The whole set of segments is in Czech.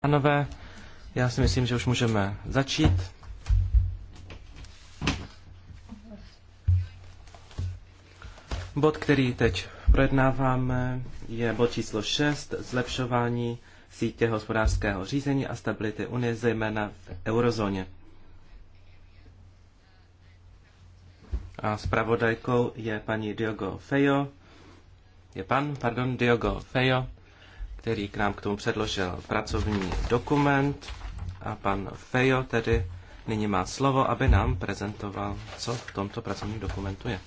Pánové, já si myslím, že už můžeme začít. Bod, který teď projednáváme, je bod číslo 6, zlepšování sítě hospodářského řízení a stability Unie, zejména v eurozóně. A zpravodajkou je paní Diogo Fejo, je pan, pardon, Diogo Fejo, který k nám k tomu předložil pracovní dokument. A pan Fejo tedy nyní má slovo, aby nám prezentoval, co v tomto pracovním dokumentu je.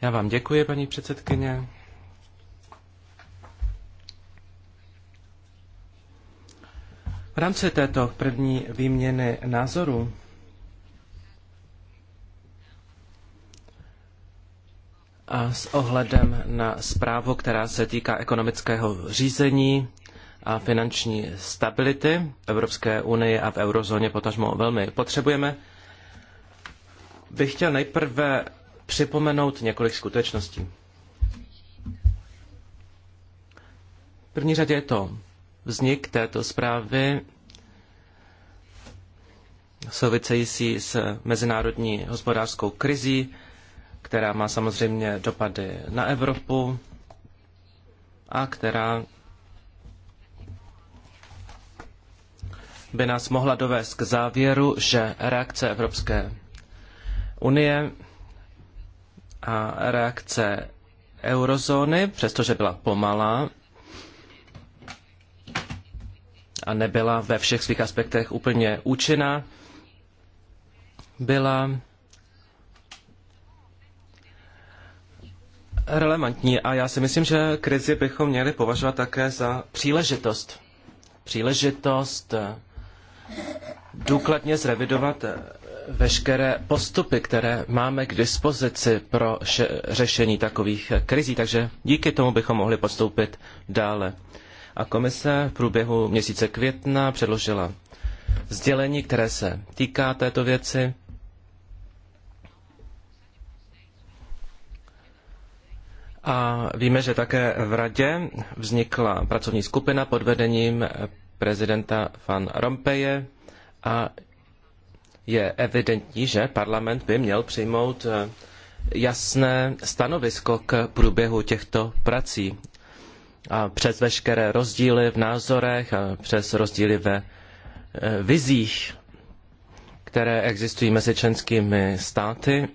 Já vám děkuji, paní předsedkyně. V rámci této první výměny názorů A s ohledem na zprávu, která se týká ekonomického řízení a finanční stability v Evropské unii a v eurozóně potažmo velmi potřebujeme, bych chtěl nejprve připomenout několik skutečností. V první řadě je to vznik této zprávy související s mezinárodní hospodářskou krizí, která má samozřejmě dopady na Evropu a která by nás mohla dovést k závěru, že reakce Evropské unie a reakce eurozóny, přestože byla pomalá a nebyla ve všech svých aspektech úplně účinná, byla relevantní a já si myslím, že krizi bychom měli považovat také za příležitost. Příležitost eh, důkladně zrevidovat eh, veškeré postupy, které máme k dispozici pro řešení takových eh, krizí, takže díky tomu bychom mohli postoupit dále. A komise v průběhu měsíce května předložila sdělení, které se týká této věci. A víme, že také v radě vznikla pracovní skupina pod vedením prezidenta Van Rompeje a je evidentní, že parlament by měl přijmout eh, jasné stanovisko k průběhu těchto prací. A přes veškeré rozdíly v názorech a přes rozdíly ve eh, vizích, které existují mezi členskými státy,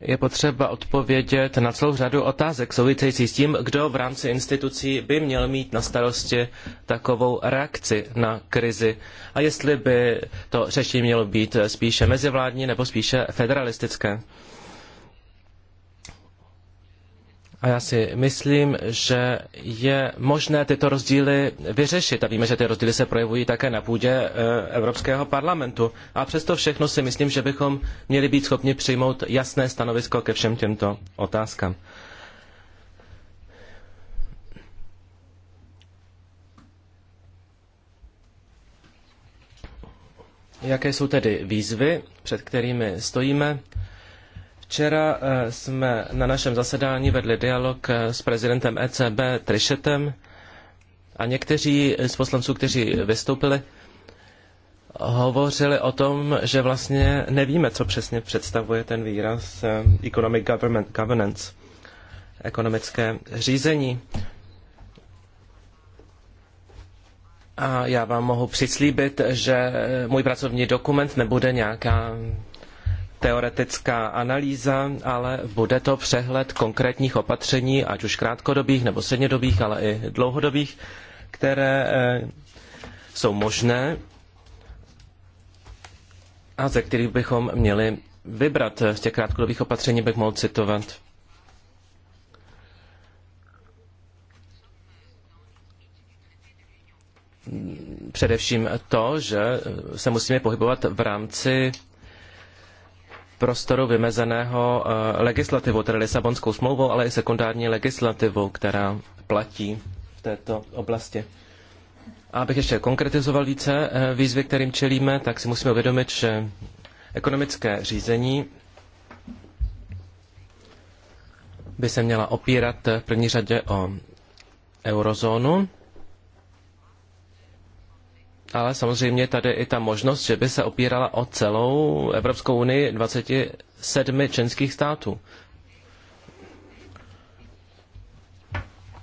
je potřeba odpovědět na celou řadu otázek související s tím, kdo v rámci institucí by měl mít na starosti takovou reakci na krizi a jestli by to řešení mělo být spíše mezivládní nebo spíše federalistické. A já si myslím, že je možné tyto rozdíly vyřešit. A víme, že ty rozdíly se projevují také na půdě eh, Evropského parlamentu. A přesto všechno si myslím, že bychom měli být schopni přijmout jasné stanovisko ke všem těmto otázkám. Jaké jsou tedy výzvy, před kterými stojíme? Včera eh, jsme na našem zasedání vedli dialog eh, s prezidentem ECB Trišetem a někteří z poslanců, kteří vystoupili, hovořili o tom, že vlastně nevíme, co přesně představuje ten výraz eh, economic government, governance, ekonomické řízení. A já vám mohu přislíbit, že můj pracovní dokument nebude nějaká teoretická analýza, ale bude to přehled konkrétních opatření, ať už krátkodobých nebo střednědobých, ale i dlouhodobých, které eh, jsou možné a ze kterých bychom měli vybrat. Z těch krátkodobých opatření bych mohl citovat. Především to, že se musíme pohybovat v rámci prostoru vymezeného eh, legislativou, tedy Lisabonskou smlouvou, ale i sekundární legislativou, která platí v této oblasti. A abych ještě konkretizoval více eh, výzvy, kterým čelíme, tak si musíme uvědomit, že ekonomické řízení by se měla opírat v první řadě o eurozónu, ale samozřejmě tady i ta možnost, že by se opírala o celou Evropskou unii 27 členských států.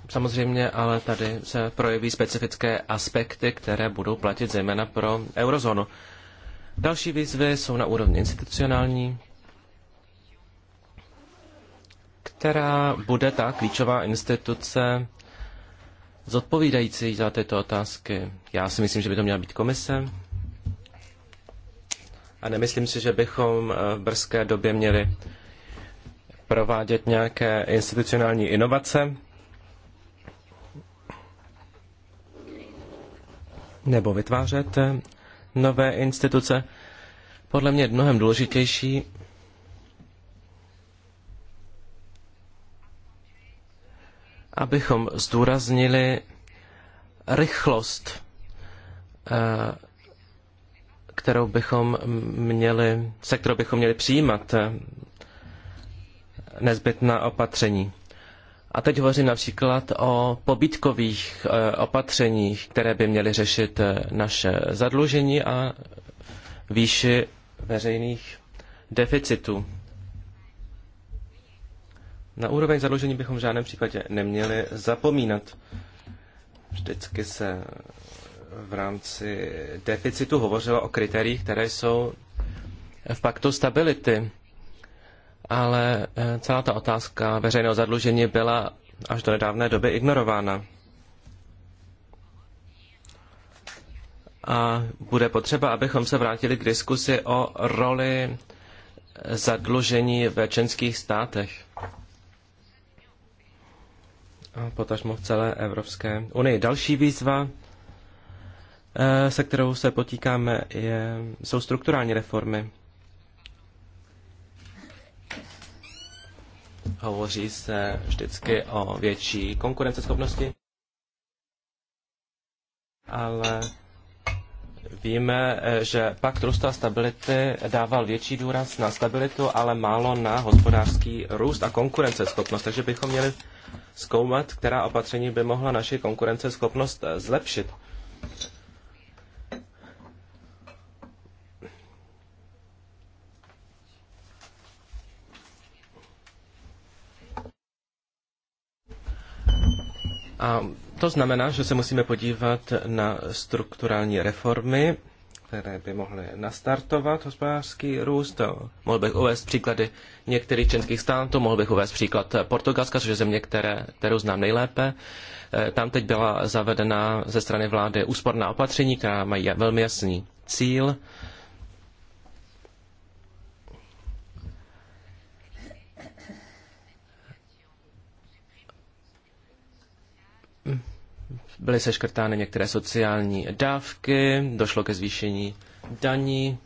Samozřejmě, ale tady se projeví specifické aspekty, které budou platit zejména pro eurozónu. Další výzvy jsou na úrovni institucionální, která bude ta klíčová instituce zodpovídající za tyto otázky. Já si myslím, že by to měla být komise. A nemyslím si, že bychom eh, v brzké době měli provádět nějaké institucionální inovace. Nebo vytvářet eh, nové instituce. Podle mě je mnohem důležitější abychom zdůraznili rychlost, eh, kterou bychom měli, se kterou bychom měli přijímat eh, nezbytná opatření. A teď hovořím například o pobítkových eh, opatřeních, které by měly řešit naše zadlužení a výši veřejných deficitů. Na úroveň zadlužení bychom v žádném případě neměli zapomínat. Vždycky se v rámci deficitu hovořilo o kritériích, které jsou v paktu stability. Ale eh, celá ta otázka veřejného zadlužení byla až do nedávné doby ignorována. A bude potřeba, abychom se vrátili k diskusi o roli zadlužení ve členských státech potažmo v celé Evropské unii. Další výzva, eh, se kterou se potíkáme, je, jsou strukturální reformy. Hovoří se vždycky o větší konkurenceschopnosti, ale víme, eh, že pakt růstu a stability dával větší důraz na stabilitu, ale málo na hospodářský růst a konkurenceschopnost, takže bychom měli zkoumat, která opatření by mohla naši konkurenceschopnost eh, zlepšit. A to znamená, že se musíme podívat na strukturální reformy které by mohly nastartovat hospodářský růst. Mohl bych uvést příklady některých členských států, mohl bych uvést příklad Portugalska, což je země, které, kterou znám nejlépe. Eh, tam teď byla zavedena ze strany vlády úsporná opatření, která mají velmi jasný cíl byly seškrtány některé sociální dávky, došlo ke zvýšení daní.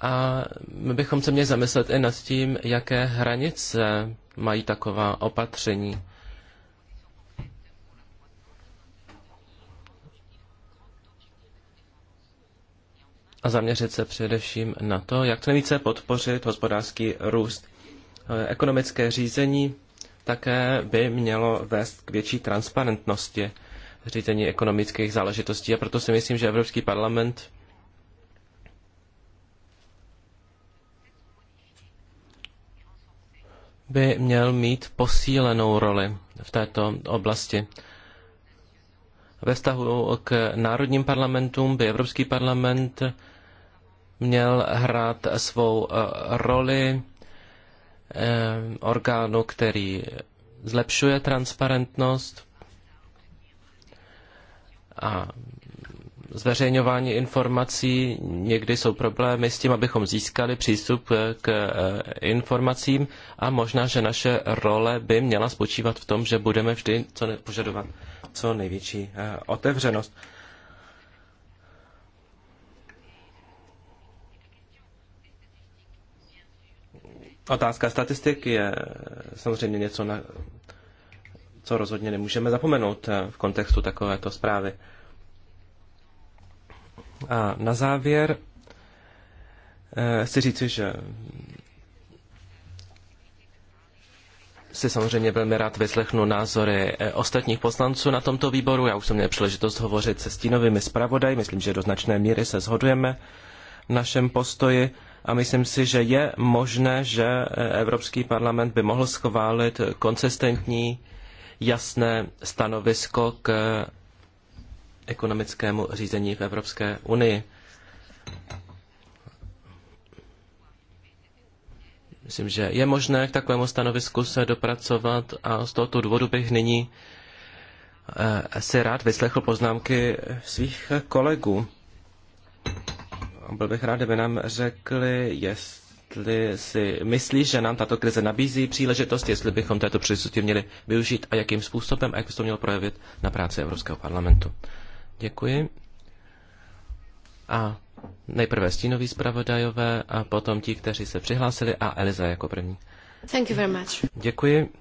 A my bychom se měli zamyslet i nad tím, jaké hranice mají taková opatření. A zaměřit se především na to, jak to nejvíce podpořit hospodářský růst. Ekonomické řízení také by mělo vést k větší transparentnosti řízení ekonomických záležitostí a proto si myslím, že Evropský parlament by měl mít posílenou roli v této oblasti. Ve vztahu k národním parlamentům by Evropský parlament měl hrát svou eh, roli Eh, orgánu, který zlepšuje transparentnost a zveřejňování informací. Někdy jsou problémy s tím, abychom získali přístup eh, k eh, informacím a možná, že naše role by měla spočívat v tom, že budeme vždy co požadovat co největší otevřenost. Otázka statistik je samozřejmě něco, na co rozhodně nemůžeme zapomenout v kontextu takovéto zprávy. A na závěr eh, chci říci, že si samozřejmě velmi rád vyslechnu názory eh, ostatních poslanců na tomto výboru. Já už jsem měl příležitost hovořit se stínovými zpravodaji. Myslím, že do značné míry se shodujeme v našem postoji a myslím si, že je možné, že Evropský parlament by mohl schválit konsistentní, jasné stanovisko k ekonomickému řízení v Evropské unii. Myslím, že je možné k takovému stanovisku se dopracovat a z tohoto důvodu bych nyní eh, si rád vyslechl poznámky svých kolegů byl bych rád, kdyby nám řekli, jestli si myslí, že nám tato krize nabízí příležitost, jestli bychom této příležitosti měli využít a jakým způsobem a jak by to mělo projevit na práci Evropského parlamentu. Děkuji. A nejprve stínoví zpravodajové a potom ti, kteří se přihlásili a Eliza jako první. Thank you very much. Děkuji.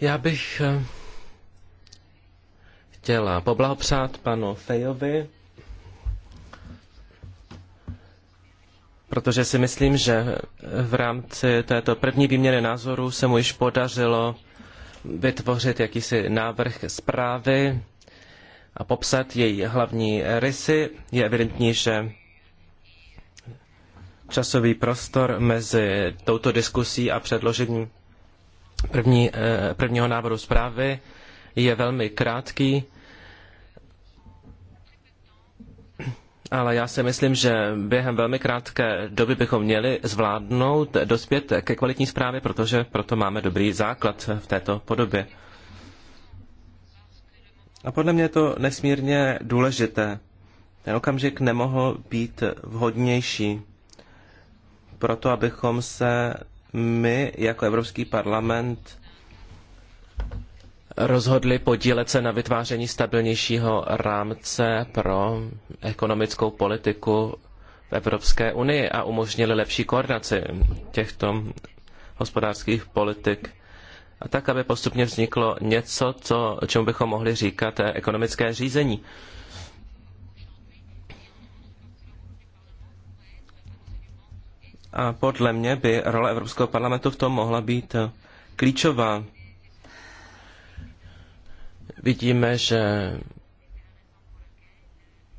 Já bych eh, chtěla poblahopřát panu Fejovi, protože si myslím, že v rámci této první výměny názorů se mu již podařilo vytvořit jakýsi návrh zprávy a popsat její hlavní rysy. Je evidentní, že časový prostor mezi touto diskusí a předložením první, eh, prvního návrhu zprávy je velmi krátký. ale já si myslím, že během velmi krátké doby bychom měli zvládnout dospět ke kvalitní zprávě, protože proto máme dobrý základ v této podobě. A podle mě je to nesmírně důležité. Ten okamžik nemohl být vhodnější proto, abychom se my jako Evropský parlament rozhodli podílet se na vytváření stabilnějšího rámce pro ekonomickou politiku v Evropské unii a umožnili lepší koordinaci těchto hospodářských politik. A tak, aby postupně vzniklo něco, co, čemu bychom mohli říkat eh, ekonomické řízení. A podle mě by role Evropského parlamentu v tom mohla být eh, klíčová. Vidíme, že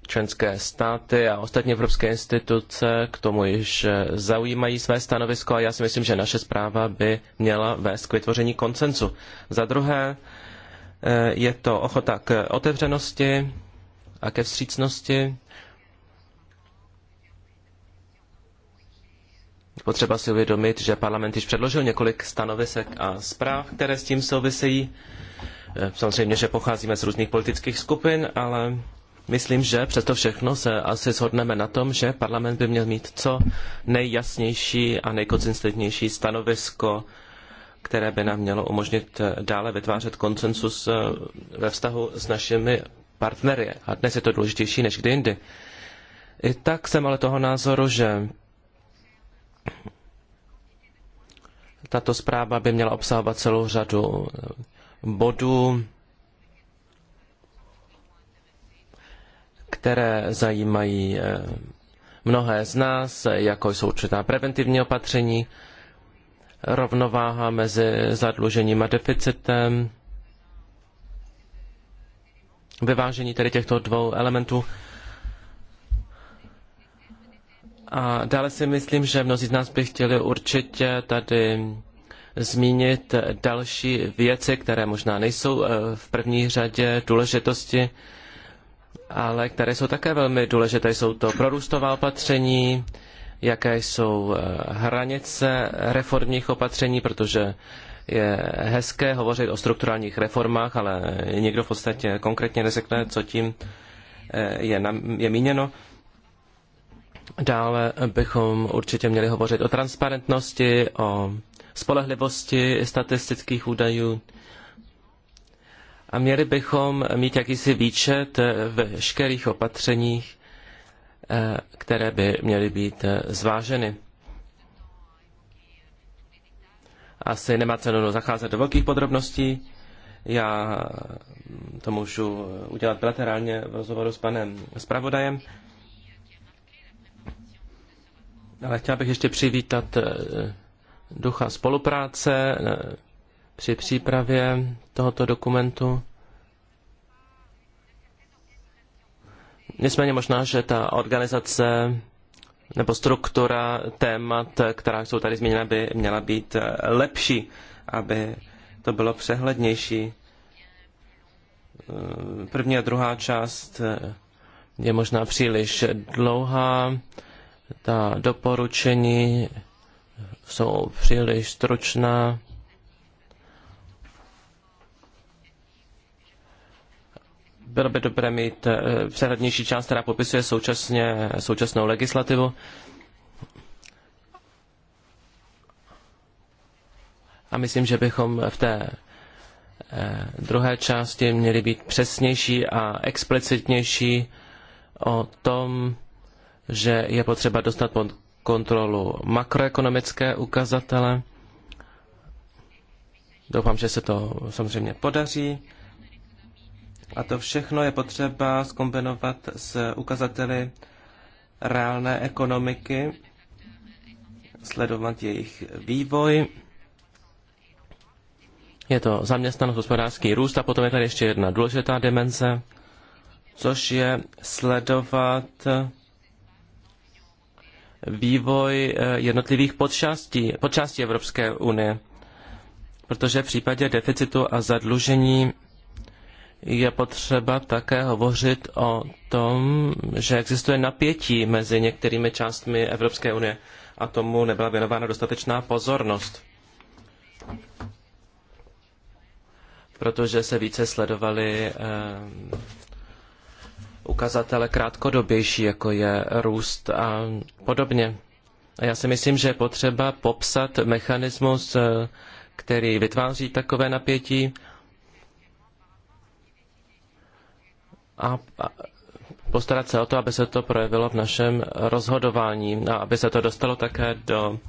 členské státy a ostatní evropské instituce k tomu již zaujímají své stanovisko a já si myslím, že naše zpráva by měla vést k vytvoření koncensu. Za druhé eh, je to ochota k otevřenosti a ke vstřícnosti. Potřeba si uvědomit, že parlament již předložil několik stanovisek a zpráv, které s tím souvisejí. Eh, samozřejmě, že pocházíme z různých politických skupin, ale myslím, že přesto všechno se asi shodneme na tom, že parlament by měl mít co nejjasnější a nejkonzistentnější stanovisko, které by nám mělo umožnit eh, dále vytvářet konsensus eh, ve vztahu s našimi partnery. A dnes je to důležitější než kdy jindy. I tak jsem ale toho názoru, že tato zpráva by měla obsahovat celou řadu bodů, které zajímají eh, mnohé z nás, jako jsou určitá preventivní opatření, rovnováha mezi zadlužením a deficitem, vyvážení tedy těchto dvou elementů. A dále si myslím, že mnozí z nás by chtěli určitě tady zmínit další věci, které možná nejsou eh, v první řadě důležitosti, ale které jsou také velmi důležité. Jsou to prorůstová opatření, jaké jsou eh, hranice reformních opatření, protože je hezké hovořit o strukturálních reformách, ale nikdo v podstatě konkrétně neřekne, co tím eh, je, je míněno. Dále bychom určitě měli hovořit o transparentnosti, o spolehlivosti statistických údajů. A měli bychom mít jakýsi výčet veškerých opatřeních, eh, které by měly být eh, zváženy. Asi nemá cenu zacházet do velkých podrobností. Já to můžu eh, udělat bilaterálně v rozhovoru s panem zpravodajem. Ale chtěl bych ještě přivítat ducha spolupráce eh, při přípravě tohoto dokumentu. Nicméně možná, že ta organizace nebo struktura témat, která jsou tady změněna, by měla být eh, lepší, aby to bylo přehlednější. Eh, první a druhá část je možná příliš dlouhá. Ta doporučení jsou příliš stručná. Bylo by dobré mít eh, přehradnější část, která popisuje současně, současnou legislativu. A myslím, že bychom v té eh, druhé části měli být přesnější a explicitnější o tom, že je potřeba dostat pod kontrolu makroekonomické ukazatele. Doufám, že se to samozřejmě podaří. A to všechno je potřeba skombinovat s ukazateli reálné ekonomiky, sledovat jejich vývoj. Je to zaměstnanost, hospodářský růst a potom je tady ještě jedna důležitá dimenze, což je sledovat vývoj eh, jednotlivých podčástí, podčástí Evropské unie. Protože v případě deficitu a zadlužení je potřeba také hovořit o tom, že existuje napětí mezi některými částmi Evropské unie a tomu nebyla věnována dostatečná pozornost. Protože se více sledovaly eh, ukazatele krátkodobější, jako je růst a podobně. A já si myslím, že je potřeba popsat mechanismus, eh, který vytváří takové napětí a postarat se o to, aby se to projevilo v našem rozhodování a aby se to dostalo také do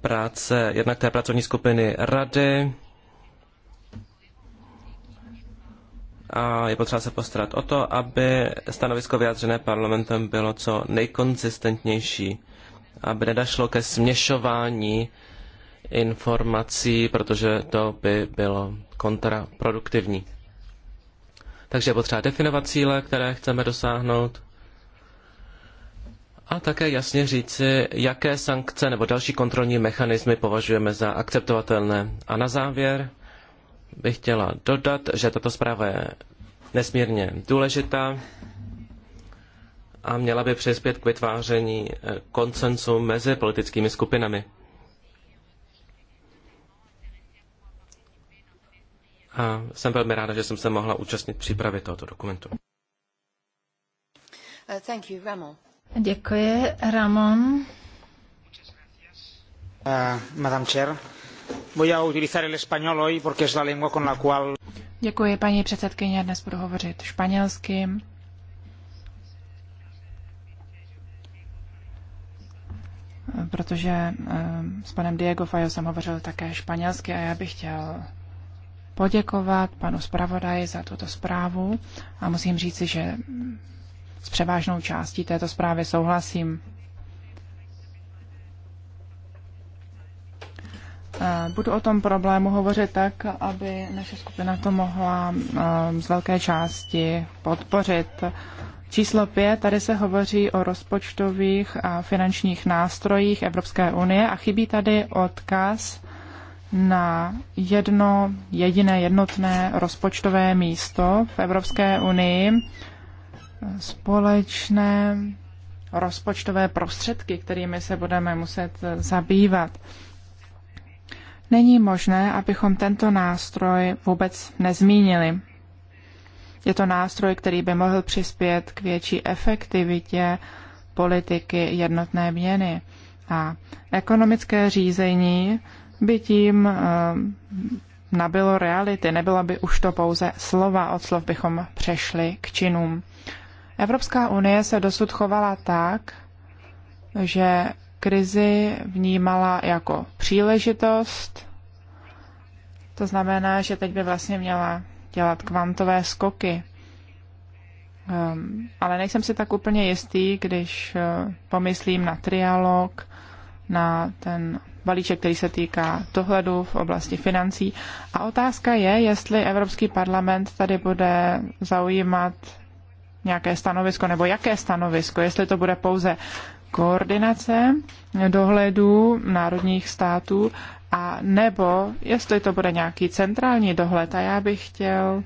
práce jednak té pracovní skupiny rady, a je potřeba se postarat o to, aby stanovisko vyjádřené parlamentem bylo co nejkonzistentnější, aby nedašlo ke směšování informací, protože to by bylo kontraproduktivní. Takže je potřeba definovat cíle, které chceme dosáhnout a také jasně říci, jaké sankce nebo další kontrolní mechanismy považujeme za akceptovatelné. A na závěr bych chtěla dodat, že tato zpráva je nesmírně důležitá a měla by přispět k vytváření eh, konsensu mezi politickými skupinami. A jsem velmi ráda, že jsem se mohla účastnit přípravy tohoto dokumentu. Uh, thank you, Ramon. Děkuji, Ramon. Uh, Madam Chair, Voy a utilizar el español hoy porque es la lengua con la cual... Děkuji, paní předsedkyně, dnes budu hovořit španělsky. Protože eh, s panem Diego Fajo jsem hovořil také španělsky a já bych chtěl poděkovat panu zpravodaji za tuto zprávu a musím říci, že s převážnou částí této zprávy souhlasím. Eh, budu o tom problému hovořit tak, aby naše skupina to mohla eh, z velké části podpořit. Číslo pět, tady se hovoří o rozpočtových a finančních nástrojích Evropské unie a chybí tady odkaz na jedno jediné jednotné rozpočtové místo v Evropské unii, společné rozpočtové prostředky, kterými se budeme muset zabývat není možné, abychom tento nástroj vůbec nezmínili. Je to nástroj, který by mohl přispět k větší efektivitě politiky jednotné měny. A ekonomické řízení by tím eh, nabylo reality, nebylo by už to pouze slova, od slov bychom přešli k činům. Evropská unie se dosud chovala tak, že krizi vnímala jako příležitost. To znamená, že teď by vlastně měla dělat kvantové skoky. Um, ale nejsem si tak úplně jistý, když uh, pomyslím na trialog, na ten balíček, který se týká dohledu v oblasti financí. A otázka je, jestli Evropský parlament tady bude zaujímat nějaké stanovisko, nebo jaké stanovisko, jestli to bude pouze koordinace dohledu národních států a nebo jestli to bude nějaký centrální dohled. A já bych chtěl,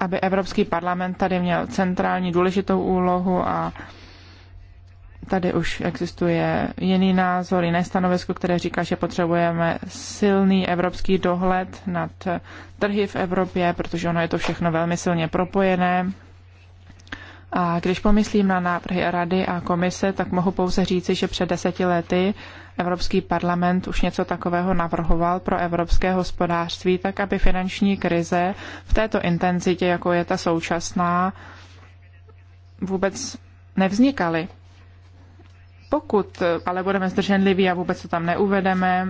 aby Evropský parlament tady měl centrální důležitou úlohu a tady už existuje jiný názor, jiné stanovisko, které říká, že potřebujeme silný evropský dohled nad trhy v Evropě, protože ono je to všechno velmi silně propojené. A když pomyslím na návrhy Rady a Komise, tak mohu pouze říci, že před deseti lety Evropský parlament už něco takového navrhoval pro evropské hospodářství, tak aby finanční krize v této intenzitě, jako je ta současná, vůbec nevznikaly. Pokud ale budeme zdrženliví a vůbec to tam neuvedeme,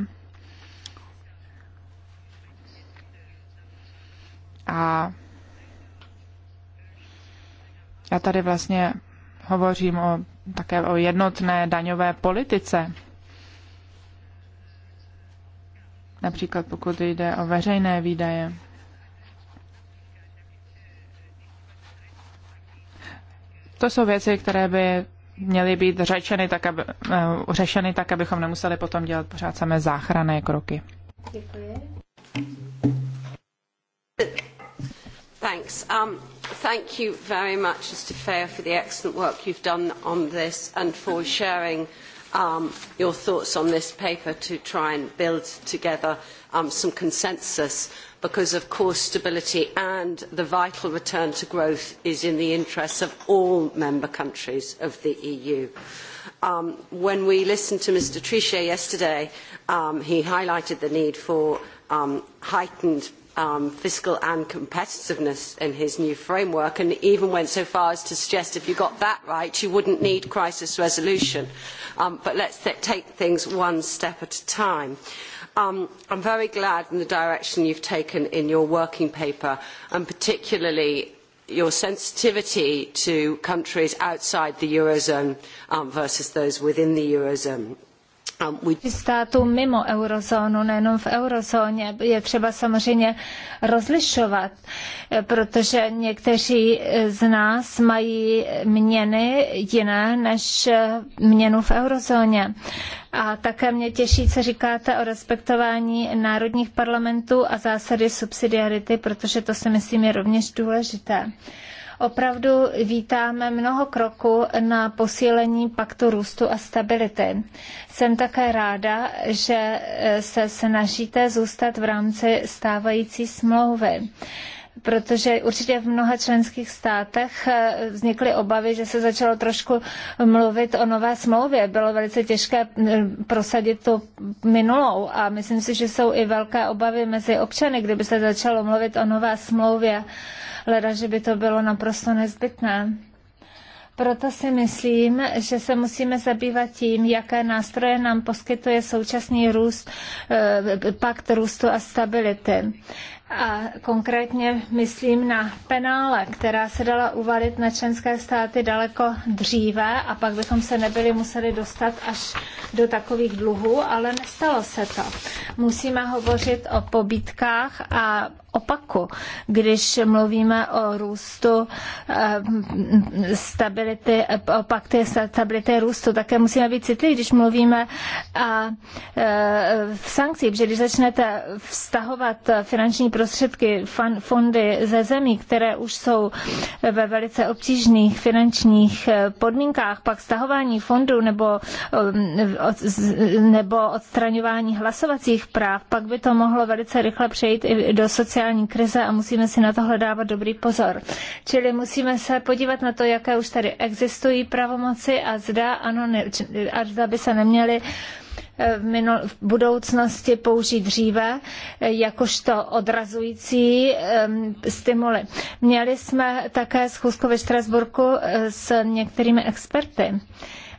a já tady vlastně hovořím o, také o jednotné daňové politice. Například pokud jde o veřejné výdaje. To jsou věci, které by měly být řečeny tak, aby, uh, řešeny tak, abychom nemuseli potom dělat pořád samé záchranné kroky. Děkuji. Thanks. Um thank you very much, Mr. Fair, for the excellent work you've done on this and for sharing um, your thoughts on this paper to try and build together um, some consensus because, of course, stability and the vital return to growth is in the interests of all member countries of the EU. Um, when we listened to Mr Trichet yesterday, um, he highlighted the need for um, heightened um, fiscal and competitiveness in his new framework and even went so far as to suggest if you got that right you wouldn't need crisis resolution. Um, but let's th take things one step at a time. Um, I'm very glad in the direction you've taken in your working paper and particularly your sensitivity to countries outside the Eurozone um, versus those within the Eurozone. Um, států mimo eurozónu, nejenom v eurozóně. Je třeba samozřejmě rozlišovat, protože někteří z nás mají měny jiné než měnu v eurozóně. A také mě těší, co říkáte o respektování národních parlamentů a zásady subsidiarity, protože to si myslím je rovněž důležité. Opravdu vítáme mnoho kroků na posílení paktu růstu a stability. Jsem také ráda, že eh, se snažíte zůstat v rámci stávající smlouvy protože určitě v mnoha členských státech eh, vznikly obavy, že se začalo trošku mluvit o nové smlouvě. Bylo velice těžké prosadit tu minulou a myslím si, že jsou i velké obavy mezi občany, kdyby se začalo mluvit o nové smlouvě leda, že by to bylo naprosto nezbytné. Proto si myslím, že se musíme zabývat tím, jaké nástroje nám poskytuje současný růst, eh, pakt růstu a stability. A konkrétně myslím na penále, která se dala uvalit na členské státy daleko dříve a pak bychom se nebyli museli dostat až do takových dluhů, ale nestalo se to. Musíme hovořit o pobítkách a opaku, když mluvíme o růstu eh, stability, o pakty stability růstu, také musíme být citliví, když mluvíme a eh, v sankcích, protože když začnete vztahovat finanční prostředky, fondy ze zemí, které už jsou ve velice obtížných finančních eh, podmínkách, pak stahování fondů nebo, nebo odstraňování hlasovacích práv, pak by to mohlo velice rychle přejít i do sociální sociální krize a musíme si na tohle dávat dobrý pozor. Čili musíme se podívat na to, jaké už tady existují pravomoci a zda, ano, ne, a zda by se neměly eh, v, budoucnosti použít dříve, eh, jakožto odrazující ehm, stimuly. Měli jsme také schůzku ve Štrasburku eh, s některými experty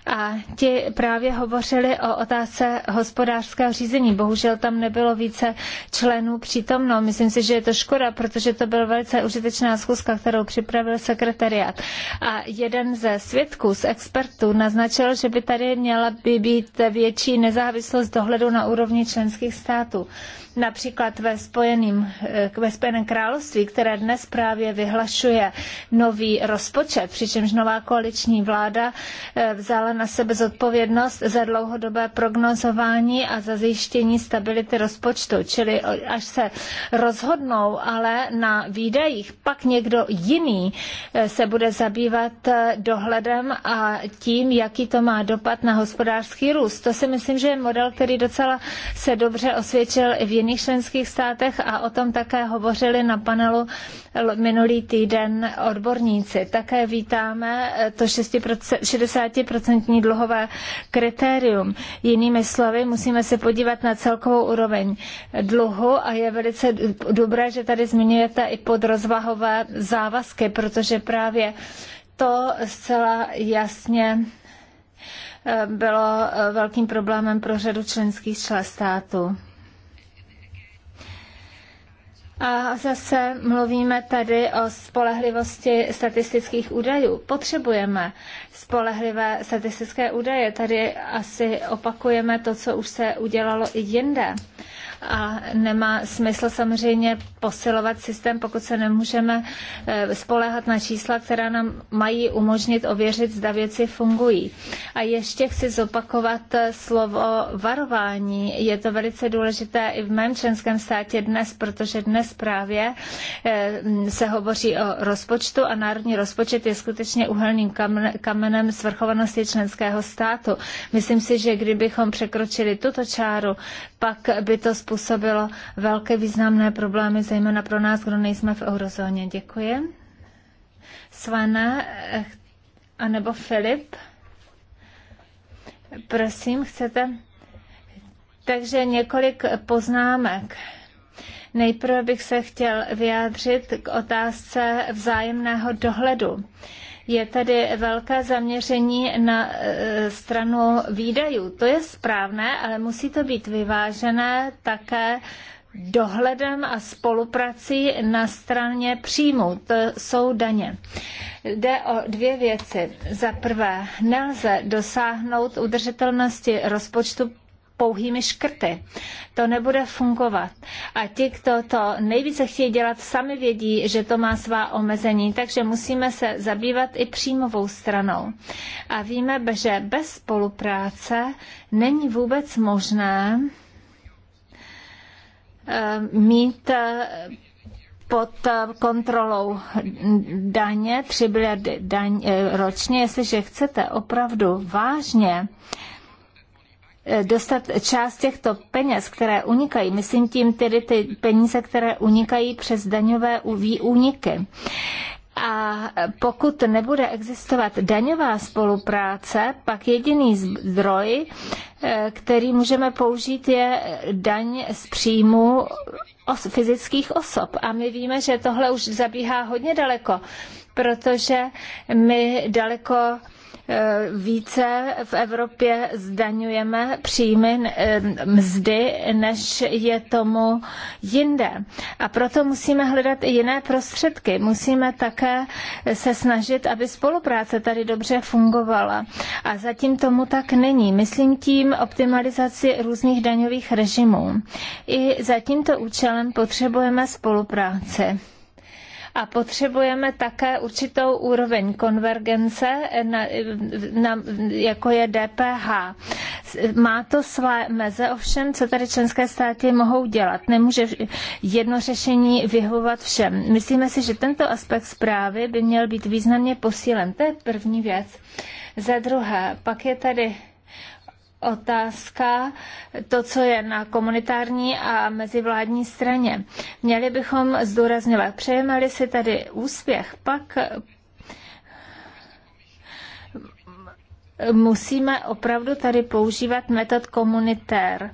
a ti právě hovořili o otázce hospodářského řízení. Bohužel tam nebylo více členů přítomno. Myslím si, že je to škoda, protože to byla velice užitečná schůzka, kterou připravil sekretariát. A jeden ze svědků, z expertů, naznačil, že by tady měla by být větší nezávislost dohledu na úrovni členských států. Například ve, spojeným, ve Spojeném království, které dnes právě vyhlašuje nový rozpočet, přičemž nová koaliční vláda eh, vzala vzala na sebe zodpovědnost za dlouhodobé prognozování a za zajištění stability rozpočtu. Čili až se rozhodnou, ale na výdajích, pak někdo jiný eh, se bude zabývat eh, dohledem a tím, jaký to má dopad na hospodářský růst. To si myslím, že je model, který docela se dobře osvědčil i v jiných členských státech a o tom také hovořili na panelu minulý týden odborníci. Také vítáme eh, to 60% procentní dluhové kritérium. Jinými slovy, musíme se podívat na celkovou úroveň dluhu a je velice dobré, že tady zmiňujete i podrozvahové závazky, protože právě to zcela jasně eh, bylo eh, velkým problémem pro řadu členských států. A zase mluvíme tady o spolehlivosti statistických údajů. Potřebujeme spolehlivé statistické údaje. Tady asi opakujeme to, co už se udělalo i jinde a nemá smysl samozřejmě posilovat systém, pokud se nemůžeme eh, spoléhat na čísla, která nám mají umožnit ověřit, zda věci fungují. A ještě chci zopakovat eh, slovo varování. Je to velice důležité i v mém členském státě dnes, protože dnes právě eh, se hovoří o rozpočtu a národní rozpočet je skutečně uhelným kamenem svrchovanosti členského státu. Myslím si, že kdybychom překročili tuto čáru, pak by to způsobilo velké významné problémy, zejména pro nás, kdo nejsme v eurozóně. Děkuji. Svana, eh, anebo Filip. Prosím, chcete? Takže několik poznámek. Nejprve bych se chtěl vyjádřit k otázce vzájemného dohledu. Je tady velké zaměření na e, stranu výdajů. To je správné, ale musí to být vyvážené také dohledem a spoluprací na straně příjmů. To jsou daně. Jde o dvě věci. Za prvé, nelze dosáhnout udržitelnosti rozpočtu pouhými škrty. To nebude fungovat. A ti, kdo to nejvíce chtějí dělat, sami vědí, že to má svá omezení, takže musíme se zabývat i příjmovou stranou. A víme, že bez spolupráce není vůbec možné eh, mít eh, pod kontrolou daně, 3 miliardy daň eh, ročně, jestliže chcete opravdu vážně dostat část těchto peněz, které unikají, myslím tím tedy ty peníze, které unikají přes daňové úniky. A pokud nebude existovat daňová spolupráce, pak jediný zdroj, eh, který můžeme použít, je daň z příjmu os- fyzických osob. A my víme, že tohle už zabíhá hodně daleko, protože my daleko Eh, více v Evropě zdaňujeme příjmy eh, mzdy, než je tomu jinde. A proto musíme hledat i jiné prostředky. Musíme také se snažit, aby spolupráce tady dobře fungovala. A zatím tomu tak není. Myslím tím optimalizaci různých daňových režimů. I za tímto účelem potřebujeme spolupráci a potřebujeme také určitou úroveň konvergence, na, na, jako je DPH. Má to své meze, ovšem, co tady členské státy mohou dělat. Nemůže jedno řešení vyhovovat všem. Myslíme si, že tento aspekt zprávy by měl být významně posílen. To je první věc. Za druhé, pak je tady otázka, to, co je na komunitární a mezivládní straně. Měli bychom zdůrazňovat, přejeme-li si tady úspěch, pak musíme opravdu tady používat metod komunitér.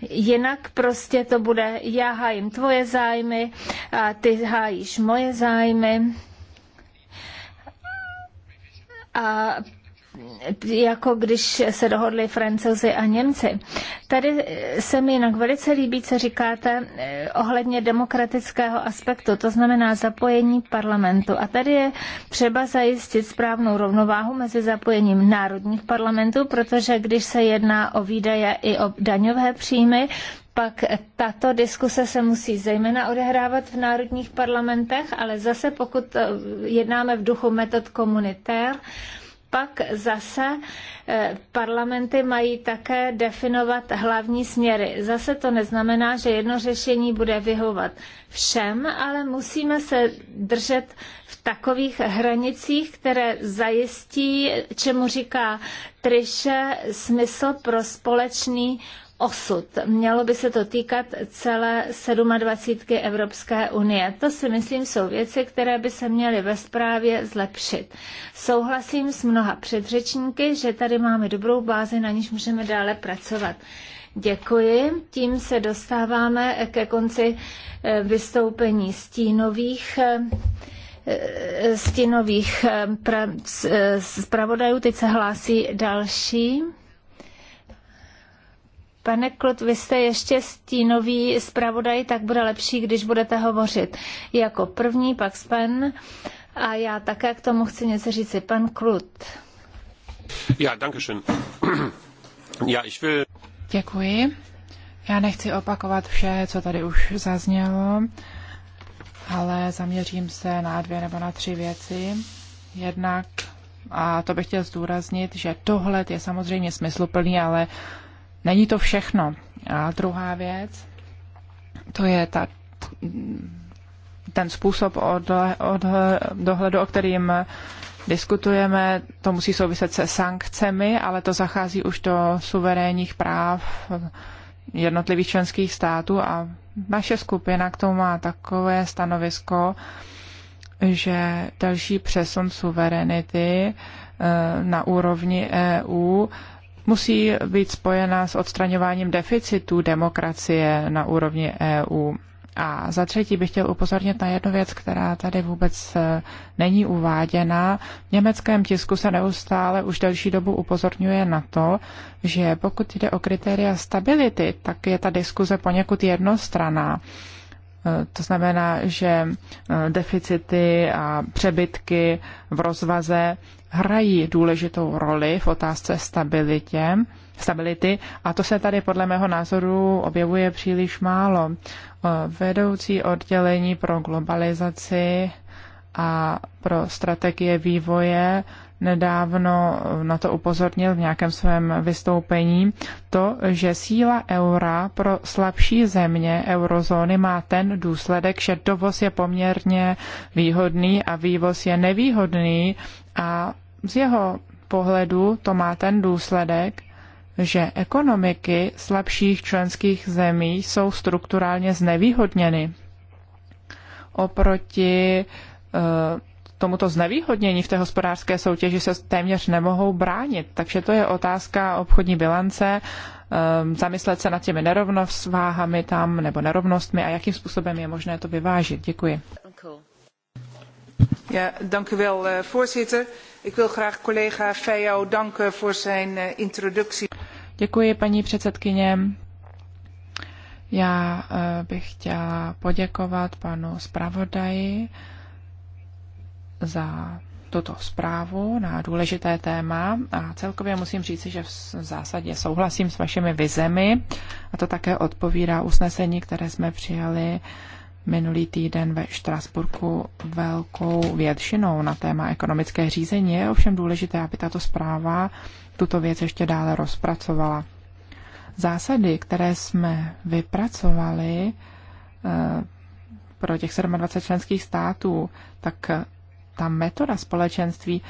Jinak prostě to bude, já hájím tvoje zájmy a ty hájíš moje zájmy. A jako když se dohodli francouzi a Němci. Tady se mi jinak velice líbí, co říkáte eh, ohledně demokratického aspektu, to znamená zapojení parlamentu. A tady je třeba zajistit správnou rovnováhu mezi zapojením národních parlamentů, protože když se jedná o výdaje i o daňové příjmy, pak tato diskuse se musí zejména odehrávat v národních parlamentech, ale zase pokud eh, jednáme v duchu metod komunitér, pak zase eh, parlamenty mají také definovat hlavní směry. Zase to neznamená, že jedno řešení bude vyhovat všem, ale musíme se držet v takových hranicích, které zajistí, čemu říká Triše, smysl pro společný osud. Mělo by se to týkat celé 27. Evropské unie. To si myslím jsou věci, které by se měly ve zprávě zlepšit. Souhlasím s mnoha předřečníky, že tady máme dobrou bázi, na níž můžeme dále pracovat. Děkuji. Tím se dostáváme ke konci eh, vystoupení stínových eh, stínových eh, zpravodajů. Teď se hlásí další. Pane Klot, vy jste ještě stínový zpravodaj, tak bude lepší, když budete hovořit jako první, pak Sven. A já také k tomu chci něco říci. Pan Klut. Ja, danke schön. ja, ich will... Děkuji. Já nechci opakovat vše, co tady už zaznělo, ale zaměřím se na dvě nebo na tři věci. Jednak, a to bych chtěl zdůraznit, že dohled je samozřejmě smysluplný, ale Není to všechno. A druhá věc, to je ta, ten způsob od, od, dohledu, o kterým diskutujeme, to musí souviset se sankcemi, ale to zachází už do suverénních práv jednotlivých členských států a naše skupina k tomu má takové stanovisko, že další přesun suverenity eh, na úrovni EU musí být spojena s odstraňováním deficitů demokracie na úrovni EU. A za třetí bych chtěl upozornit na jednu věc, která tady vůbec eh, není uváděna. V německém tisku se neustále už delší dobu upozorňuje na to, že pokud jde o kritéria stability, tak je ta diskuze poněkud jednostraná. To znamená, že eh, deficity a přebytky v rozvaze hrají důležitou roli v otázce stabilitě, stability a to se tady podle mého názoru objevuje příliš málo. Eh, Vedoucí oddělení pro globalizaci a pro strategie vývoje nedávno na to upozornil v nějakém svém vystoupení, to, že síla eura pro slabší země eurozóny má ten důsledek, že dovoz je poměrně výhodný a vývoz je nevýhodný a z jeho pohledu to má ten důsledek, že ekonomiky slabších členských zemí jsou strukturálně znevýhodněny oproti uh, tomuto znevýhodnění v té hospodářské soutěži se téměř nemohou bránit. Takže to je otázka obchodní bilance, ehm, zamyslet se nad těmi nerovnováhami tam nebo nerovnostmi a jakým způsobem je možné to vyvážit. Děkuji. Ja, dank u wel, eh, voorzitter. Ik wil graag collega Feio danken voor zijn eh, introductie. Děkuji, paní předsedkyně. Já eh, bych chtěla poděkovat panu zpravodaji za tuto zprávu na důležité téma a celkově musím říci, že v zásadě souhlasím s vašimi vizemi a to také odpovídá usnesení, které jsme přijali minulý týden ve Štrasburku velkou většinou na téma ekonomické řízení. Je ovšem důležité, aby tato zpráva tuto věc ještě dále rozpracovala. Zásady, které jsme vypracovali eh, pro těch 27 členských států, tak ta metoda společenství,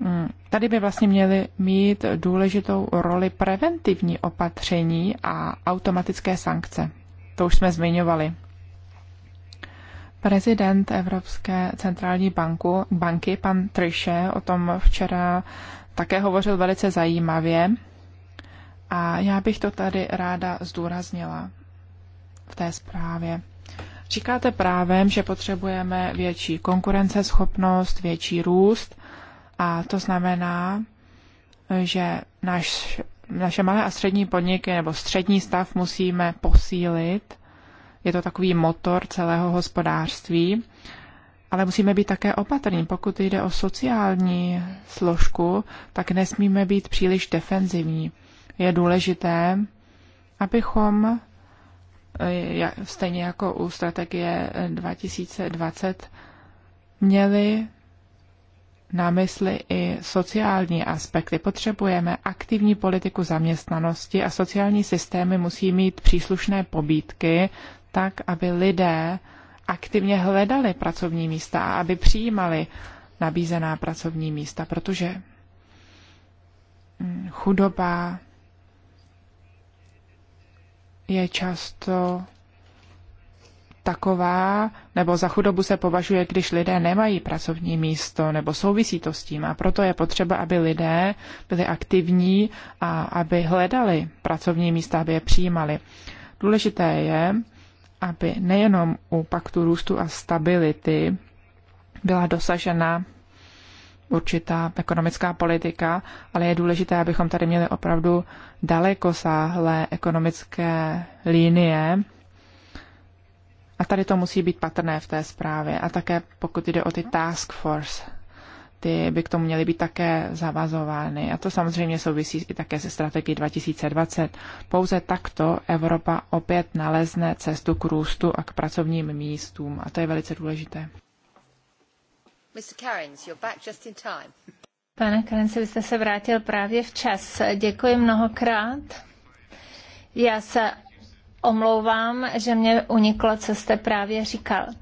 mm, tady by vlastně měly mít důležitou roli preventivní opatření a automatické sankce. To už jsme zmiňovali. Prezident Evropské centrální banku, banky, pan Triše, o tom včera také hovořil velice zajímavě. A já bych to tady ráda zdůraznila v té zprávě. Říkáte právem, že potřebujeme větší konkurenceschopnost, větší růst a to znamená, že naš, naše malé a střední podniky nebo střední stav musíme posílit. Je to takový motor celého hospodářství. Ale musíme být také opatrní. Pokud jde o sociální složku, tak nesmíme být příliš defenzivní. Je důležité, abychom stejně jako u strategie 2020, měli na mysli i sociální aspekty. Potřebujeme aktivní politiku zaměstnanosti a sociální systémy musí mít příslušné pobídky, tak, aby lidé aktivně hledali pracovní místa a aby přijímali nabízená pracovní místa, protože hm, chudoba, je často taková, nebo za chudobu se považuje, když lidé nemají pracovní místo, nebo souvisí to s tím. A proto je potřeba, aby lidé byli aktivní a aby hledali pracovní místa, aby je přijímali. Důležité je, aby nejenom u paktu růstu a stability byla dosažena určitá ekonomická politika, ale je důležité, abychom tady měli opravdu sáhlé ekonomické linie. A tady to musí být patrné v té zprávě. A také pokud jde o ty task force, ty by k tomu měly být také zavazovány. A to samozřejmě souvisí i také se strategií 2020. Pouze takto Evropa opět nalezne cestu k růstu a k pracovním místům. A to je velice důležité. Pane Karenci, vy jste se vrátil právě včas. Děkuji mnohokrát. Já se omlouvám, že mě uniklo, co jste právě říkal. Uh,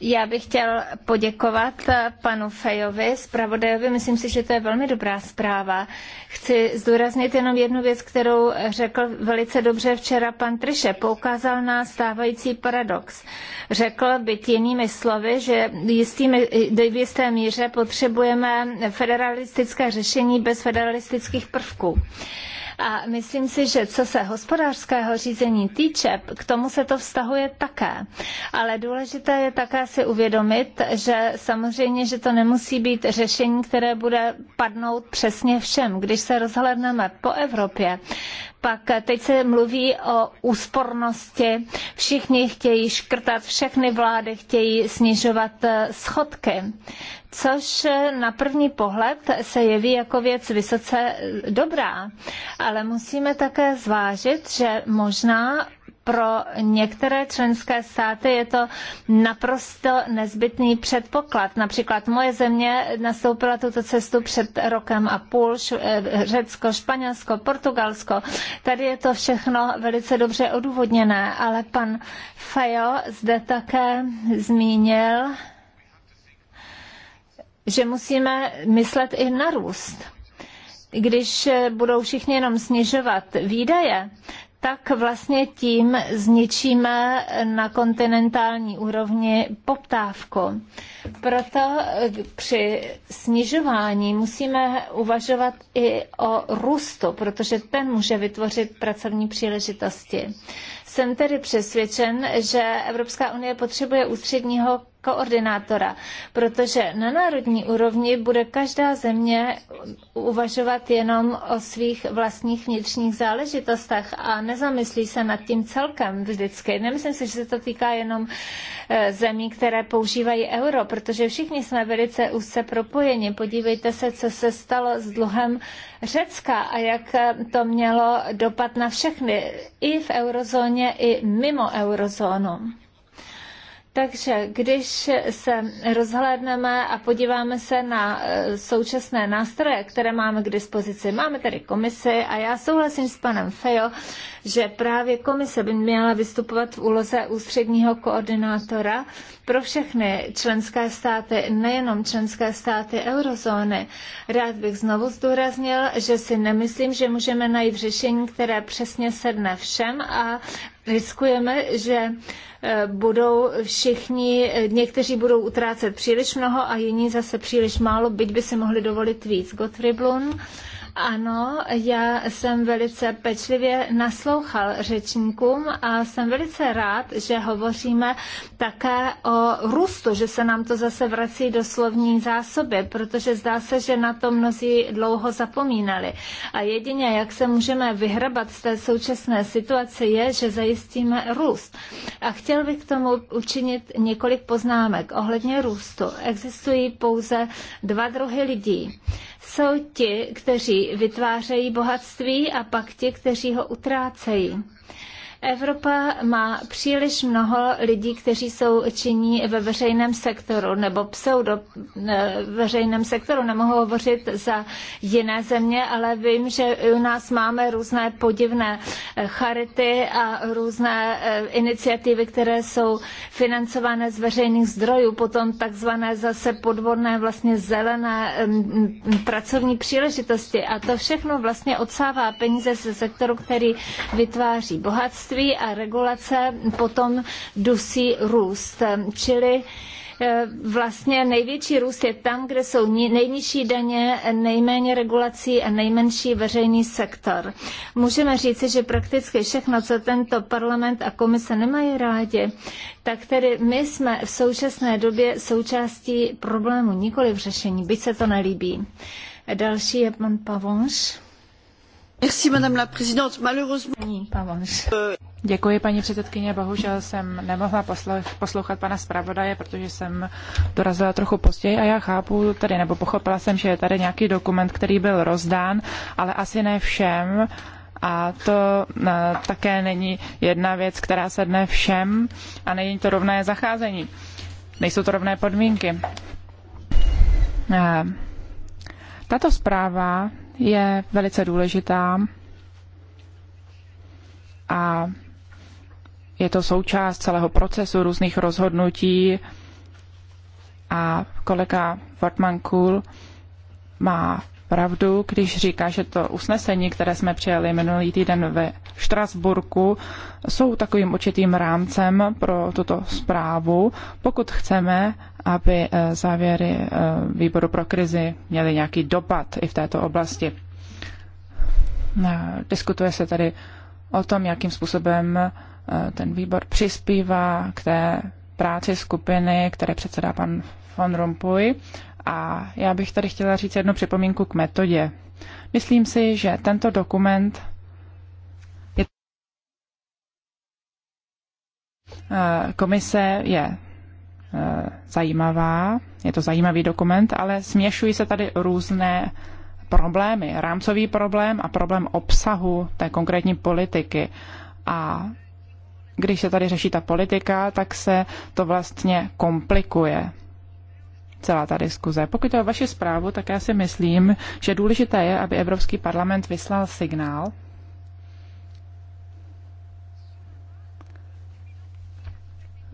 já bych chtěl poděkovat eh, panu Fejovi, zpravodajovi. Myslím si, že to je velmi dobrá zpráva. Chci zdůraznit jenom jednu věc, kterou řekl velice dobře včera pan Triše. Poukázal na stávající paradox. Řekl byt jinými slovy, že jistými, v jisté míře potřebujeme federalistické řešení bez federalistických prvků. Uh, a myslím si, že co se hospodářského řízení týče, k tomu se to vztahuje také. Ale důležité je také si uvědomit, že samozřejmě, že to nemusí být řešení, které bude padnout přesně všem. Když se rozhledneme po Evropě, pak teď se mluví o úspornosti. Všichni chtějí škrtat, všechny vlády chtějí snižovat eh, schodky což eh, na první pohled se jeví jako věc vysoce dobrá. Ale musíme také zvážit, že možná pro některé členské státy je to naprosto nezbytný předpoklad. Například moje země nastoupila tuto cestu před rokem a půl, eh, Řecko, Španělsko, Portugalsko. Tady je to všechno velice dobře odůvodněné, ale pan Fajo zde také zmínil, že musíme myslet i na růst. Když budou všichni jenom snižovat výdaje, tak vlastně tím zničíme na kontinentální úrovni poptávku. Proto eh, při snižování musíme uvažovat i o růstu, protože ten může vytvořit pracovní příležitosti. Jsem tedy přesvědčen, že Evropská unie potřebuje ústředního koordinátora, protože na národní úrovni bude každá země uvažovat jenom o svých vlastních vnitřních záležitostech a nezamyslí se nad tím celkem vždycky. Nemyslím si, že se to týká jenom eh, zemí, které používají euro, protože všichni jsme velice úzce propojeni. Podívejte se, co se stalo s dluhem Řecka a jak to mělo dopad na všechny, i v eurozóně, i mimo eurozónu. Takže když se rozhlédneme a podíváme se na eh, současné nástroje, které máme k dispozici, máme tedy komisi a já souhlasím s panem Fejo, že právě komise by měla vystupovat v úloze ústředního koordinátora pro všechny členské státy, nejenom členské státy eurozóny. Rád bych znovu zdůraznil, že si nemyslím, že můžeme najít řešení, které přesně sedne všem a riskujeme, že e, budou všichni, někteří budou utrácet příliš mnoho a jiní zase příliš málo, byť by si mohli dovolit víc. Gottfried Blum. Ano, já jsem velice pečlivě naslouchal řečníkům a jsem velice rád, že hovoříme také o růstu, že se nám to zase vrací do slovní zásoby, protože zdá se, že na to mnozí dlouho zapomínali. A jedině, jak se můžeme vyhrabat z té současné situace, je, že zajistíme růst. A chtěl bych k tomu učinit několik poznámek ohledně růstu. Existují pouze dva druhy lidí jsou ti, kteří vytvářejí bohatství a pak ti, kteří ho utrácejí. Evropa má příliš mnoho lidí, kteří jsou činní ve veřejném sektoru nebo pseudo veřejném sektoru. Nemohu hovořit za jiné země, ale vím, že u nás máme různé podivné eh, charity a různé eh, iniciativy, které jsou financované z veřejných zdrojů, potom takzvané zase podvodné vlastně zelené mm, mm, pracovní příležitosti. A to všechno vlastně odsává peníze ze sektoru, který vytváří bohatství vlastnictví a regulace potom dusí růst. Čili eh, vlastně největší růst je tam, kde jsou nejnižší daně, nejméně regulací a nejmenší veřejný sektor. Můžeme říci, že prakticky všechno, co tento parlament a komise nemají rádi, tak tedy my jsme v současné době součástí problému, nikoli v řešení, byť se to nelíbí. Další je pan Pavonš. Děkuji, paní předsedkyně. Bohužel jsem nemohla poslouchat pana zpravodaje, protože jsem dorazila trochu později a já chápu tady, nebo pochopila jsem, že je tady nějaký dokument, který byl rozdán, ale asi ne všem. A to eh, také není jedna věc, která se dne všem a není to rovné zacházení. Nejsou to rovné podmínky. Eh, tato zpráva je velice důležitá a je to součást celého procesu různých rozhodnutí a kolega Wortmann Kuhl má pravdu, když říká, že to usnesení, které jsme přijali minulý týden ve Štrasburku, jsou takovým určitým rámcem pro tuto zprávu, pokud chceme, aby eh, závěry eh, výboru pro krizi měly nějaký dopad i v této oblasti. Eh, diskutuje se tady o tom, jakým způsobem ten výbor přispívá k té práci skupiny, které předsedá pan von Rompuy a já bych tady chtěla říct jednu připomínku k metodě. Myslím si, že tento dokument je eh, komise je eh, zajímavá, je to zajímavý dokument, ale směšují se tady různé problémy. Rámcový problém a problém obsahu té konkrétní politiky. A když se tady řeší ta politika, tak se to vlastně komplikuje celá ta diskuze. Pokud je vaše zprávu, tak já si myslím, že důležité je, aby Evropský parlament vyslal signál,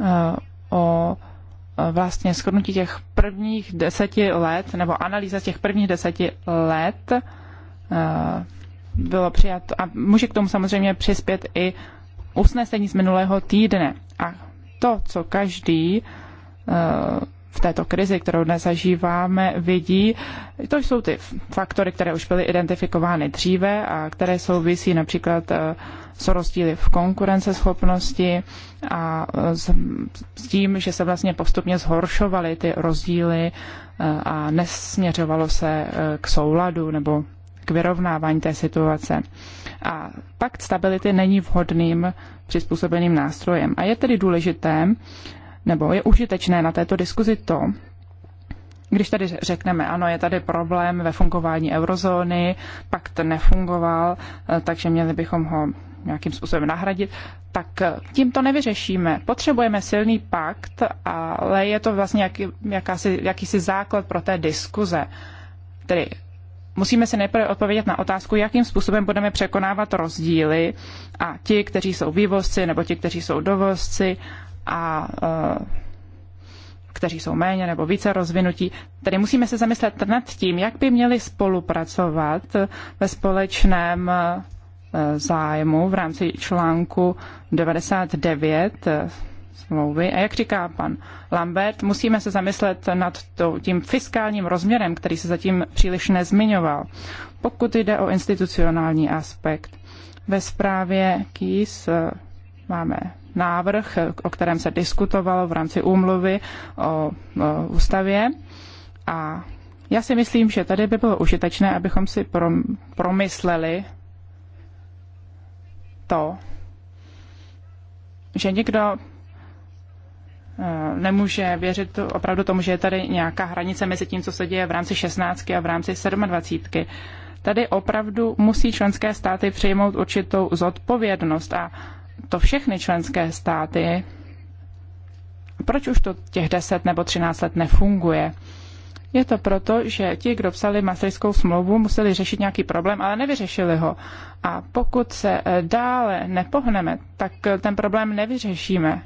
eh, o eh, vlastně shrnutí těch prvních deseti let, nebo analýza těch prvních deseti let eh, bylo přijato. A může k tomu samozřejmě přispět i usnesení z minulého týdne. A to, co každý v této krizi, kterou dnes zažíváme, vidí. To jsou ty faktory, které už byly identifikovány dříve a které souvisí například eh, s rozdíly v konkurenceschopnosti a eh, s tím, že se vlastně postupně zhoršovaly ty rozdíly eh, a nesměřovalo se k souladu nebo k vyrovnávání té situace. A pakt stability není vhodným přizpůsobeným nástrojem. A je tedy důležité, nebo je užitečné na této diskuzi to, když tady řekneme, ano, je tady problém ve fungování eurozóny, pakt nefungoval, eh, takže měli bychom ho nějakým způsobem nahradit, tak eh, tím to nevyřešíme. Potřebujeme silný pakt, ale je to vlastně jaký, jakási, jakýsi základ pro té diskuze. Tedy musíme si nejprve odpovědět na otázku, jakým způsobem budeme překonávat rozdíly a ti, kteří jsou vývozci nebo ti, kteří jsou dovozci, a e, kteří jsou méně nebo více rozvinutí. Tedy musíme se zamyslet nad tím, jak by měli spolupracovat ve společném e, zájmu v rámci článku 99 e, smlouvy. A jak říká pan Lambert, musíme se zamyslet nad tím fiskálním rozměrem, který se zatím příliš nezmiňoval, pokud jde o institucionální aspekt. Ve zprávě KIS máme návrh, o kterém se diskutovalo v rámci úmluvy o, o ústavě. A já si myslím, že tady by bylo užitečné, abychom si promysleli to, že nikdo e, nemůže věřit opravdu tomu, že je tady nějaká hranice mezi tím, co se děje v rámci 16 a v rámci 27. Tady opravdu musí členské státy přijmout určitou zodpovědnost a to všechny členské státy, proč už to těch 10 nebo 13 let nefunguje? Je to proto, že ti, kdo psali Maastrichtskou smlouvu, museli řešit nějaký problém, ale nevyřešili ho. A pokud se eh, dále nepohneme, tak eh, ten problém nevyřešíme.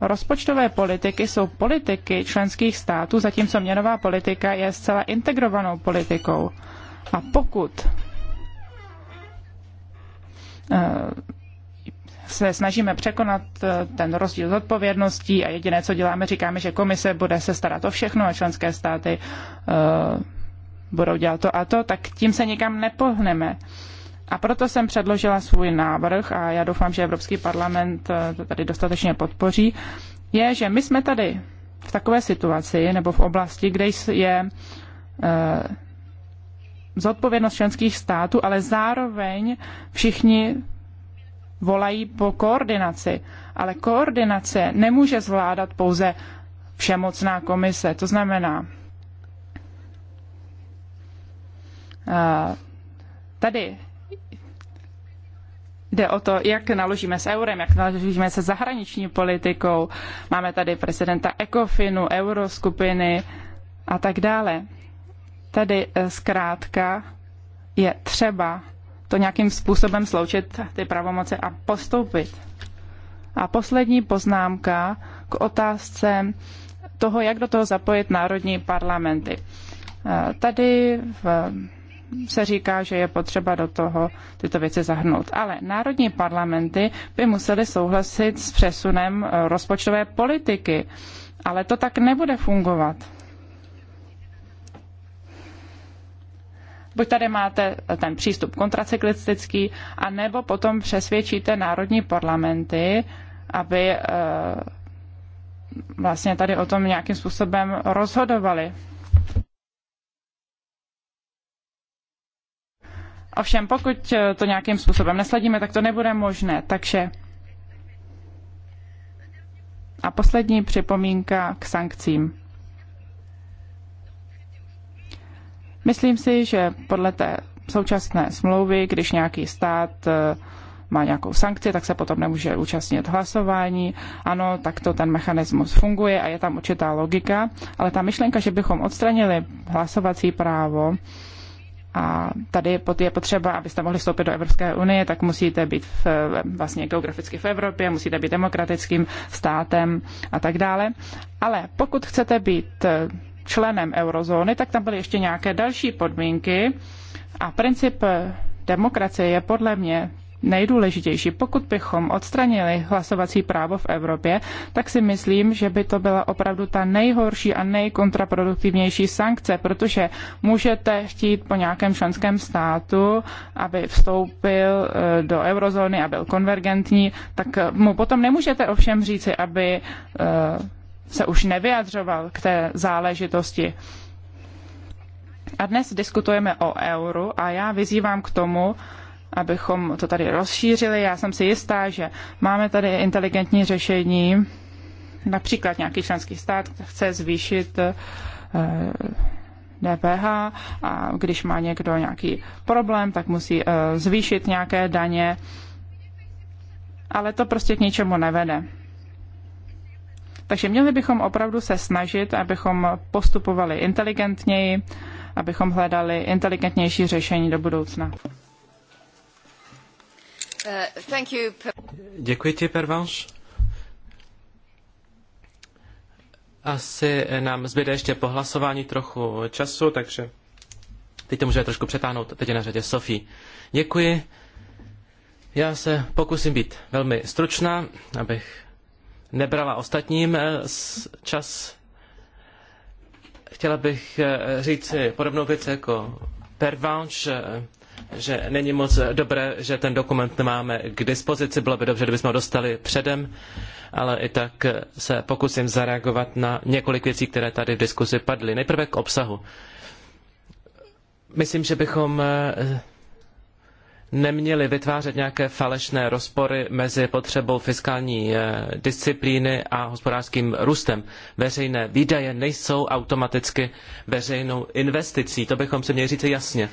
Rozpočtové politiky jsou politiky členských států, zatímco měnová politika je zcela integrovanou politikou. A pokud eh, se snažíme překonat eh, ten rozdíl zodpovědností a jediné, co děláme, říkáme, že komise bude se starat o všechno a členské státy eh, budou dělat to a to, tak tím se nikam nepohneme. A proto jsem předložila svůj návrh a já doufám, že Evropský parlament eh, to tady dostatečně podpoří, je, že my jsme tady v takové situaci nebo v oblasti, kde je zodpovědnost členských států, ale zároveň všichni volají po koordinaci, ale koordinace nemůže zvládat pouze všemocná komise. To znamená, eh, tady jde o to, jak naložíme s eurem, jak naložíme se zahraniční politikou. Máme tady prezidenta Ecofinu, euroskupiny a tak dále. Tady eh, zkrátka je třeba to nějakým způsobem sloučit ty pravomoce a postoupit. A poslední poznámka k otázce toho, jak do toho zapojit národní parlamenty. E, tady v, se říká, že je potřeba do toho tyto věci zahrnout. Ale národní parlamenty by musely souhlasit s přesunem e, rozpočtové politiky. Ale to tak nebude fungovat Buď tady máte ten přístup kontracyklistický, anebo potom přesvědčíte národní parlamenty, aby eh, vlastně tady o tom nějakým způsobem rozhodovali. Ovšem, pokud eh, to nějakým způsobem nesledíme, tak to nebude možné. Takže a poslední připomínka k sankcím. Myslím si, že podle té současné smlouvy, když nějaký stát eh, má nějakou sankci, tak se potom nemůže účastnit hlasování. Ano, tak to ten mechanismus funguje a je tam určitá logika, ale ta myšlenka, že bychom odstranili hlasovací právo, a tady je potřeba, abyste mohli vstoupit do Evropské unie, tak musíte být v, eh, vlastně geograficky v Evropě, musíte být demokratickým státem a tak dále. Ale pokud chcete být eh, členem eurozóny, tak tam byly ještě nějaké další podmínky. A princip demokracie je podle mě nejdůležitější. Pokud bychom odstranili hlasovací právo v Evropě, tak si myslím, že by to byla opravdu ta nejhorší a nejkontraproduktivnější sankce, protože můžete chtít po nějakém členském státu, aby vstoupil eh, do eurozóny a byl konvergentní, tak mu potom nemůžete ovšem říci, aby eh, se už nevyjadřoval k té záležitosti. A dnes diskutujeme o euru a já vyzývám k tomu, abychom to tady rozšířili. Já jsem si jistá, že máme tady inteligentní řešení. Například nějaký členský stát chce zvýšit DPH eh, a když má někdo nějaký problém, tak musí eh, zvýšit nějaké daně. Ale to prostě k ničemu nevede. Takže měli bychom opravdu se snažit, abychom postupovali inteligentněji, abychom hledali inteligentnější řešení do budoucna. Uh, Děkuji ti, Pervanš. Asi nám zbyde ještě po hlasování trochu času, takže teď to můžeme trošku přetáhnout. Teď je na řadě Sofie. Děkuji. Já se pokusím být velmi stručná, abych nebrala ostatním eh, čas. Chtěla bych eh, říct podobnou věc jako Pervanche, eh, že není moc dobré, že ten dokument nemáme k dispozici. Bylo by dobře, kdybychom ho dostali předem, ale i tak se pokusím zareagovat na několik věcí, které tady v diskusi padly. Nejprve k obsahu. Myslím, že bychom neměli vytvářet nějaké falešné rozpory mezi potřebou fiskální eh, disciplíny a hospodářským růstem. Veřejné výdaje nejsou automaticky veřejnou investicí, to bychom si měli říci jasně.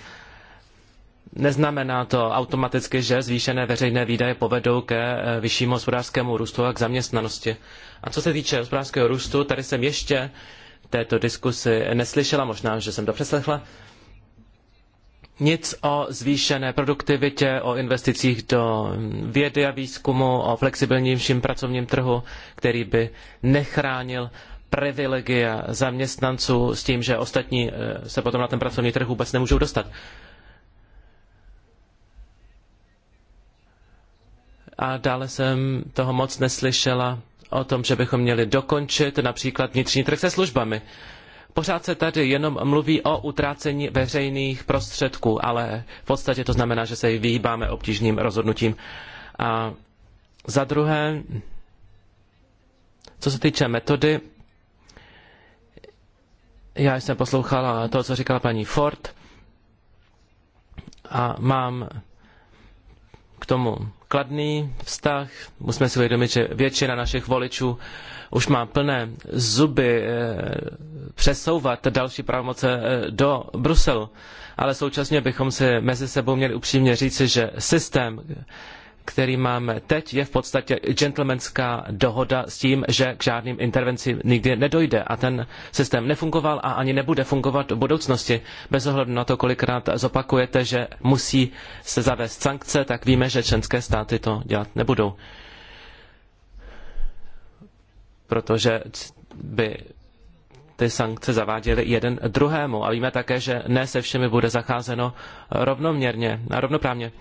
Neznamená to automaticky, že zvýšené veřejné výdaje povedou ke eh, vyššímu hospodářskému růstu a k zaměstnanosti. A co se týče hospodářského růstu, tady jsem ještě této diskusi neslyšela, možná, že jsem to přeslechla, nic o zvýšené produktivitě, o investicích do vědy a výzkumu, o flexibilnějším pracovním trhu, který by nechránil privilegia zaměstnanců s tím, že ostatní eh, se potom na ten pracovní trh vůbec nemůžou dostat. A dále jsem toho moc neslyšela o tom, že bychom měli dokončit například vnitřní trh se službami. Pořád se tady jenom mluví o utrácení veřejných prostředků, ale v podstatě to znamená, že se vyhýbáme obtížným rozhodnutím. A za druhé, co se týče metody, já jsem poslouchala to, co říkala paní Ford a mám k tomu kladný vztah. Musíme si uvědomit, že většina našich voličů už má plné zuby eh, přesouvat další pravomoce eh, do Bruselu. Ale současně bychom si mezi sebou měli upřímně říci, že systém, který máme teď, je v podstatě gentlemanská dohoda s tím, že k žádným intervencím nikdy nedojde a ten systém nefungoval a ani nebude fungovat v budoucnosti. Bez ohledu na to, kolikrát zopakujete, že musí se zavést sankce, tak víme, že členské státy to dělat nebudou. Protože by ty sankce zaváděly jeden druhému. A víme také, že ne se všemi bude zacházeno rovnoměrně a rovnoprávně.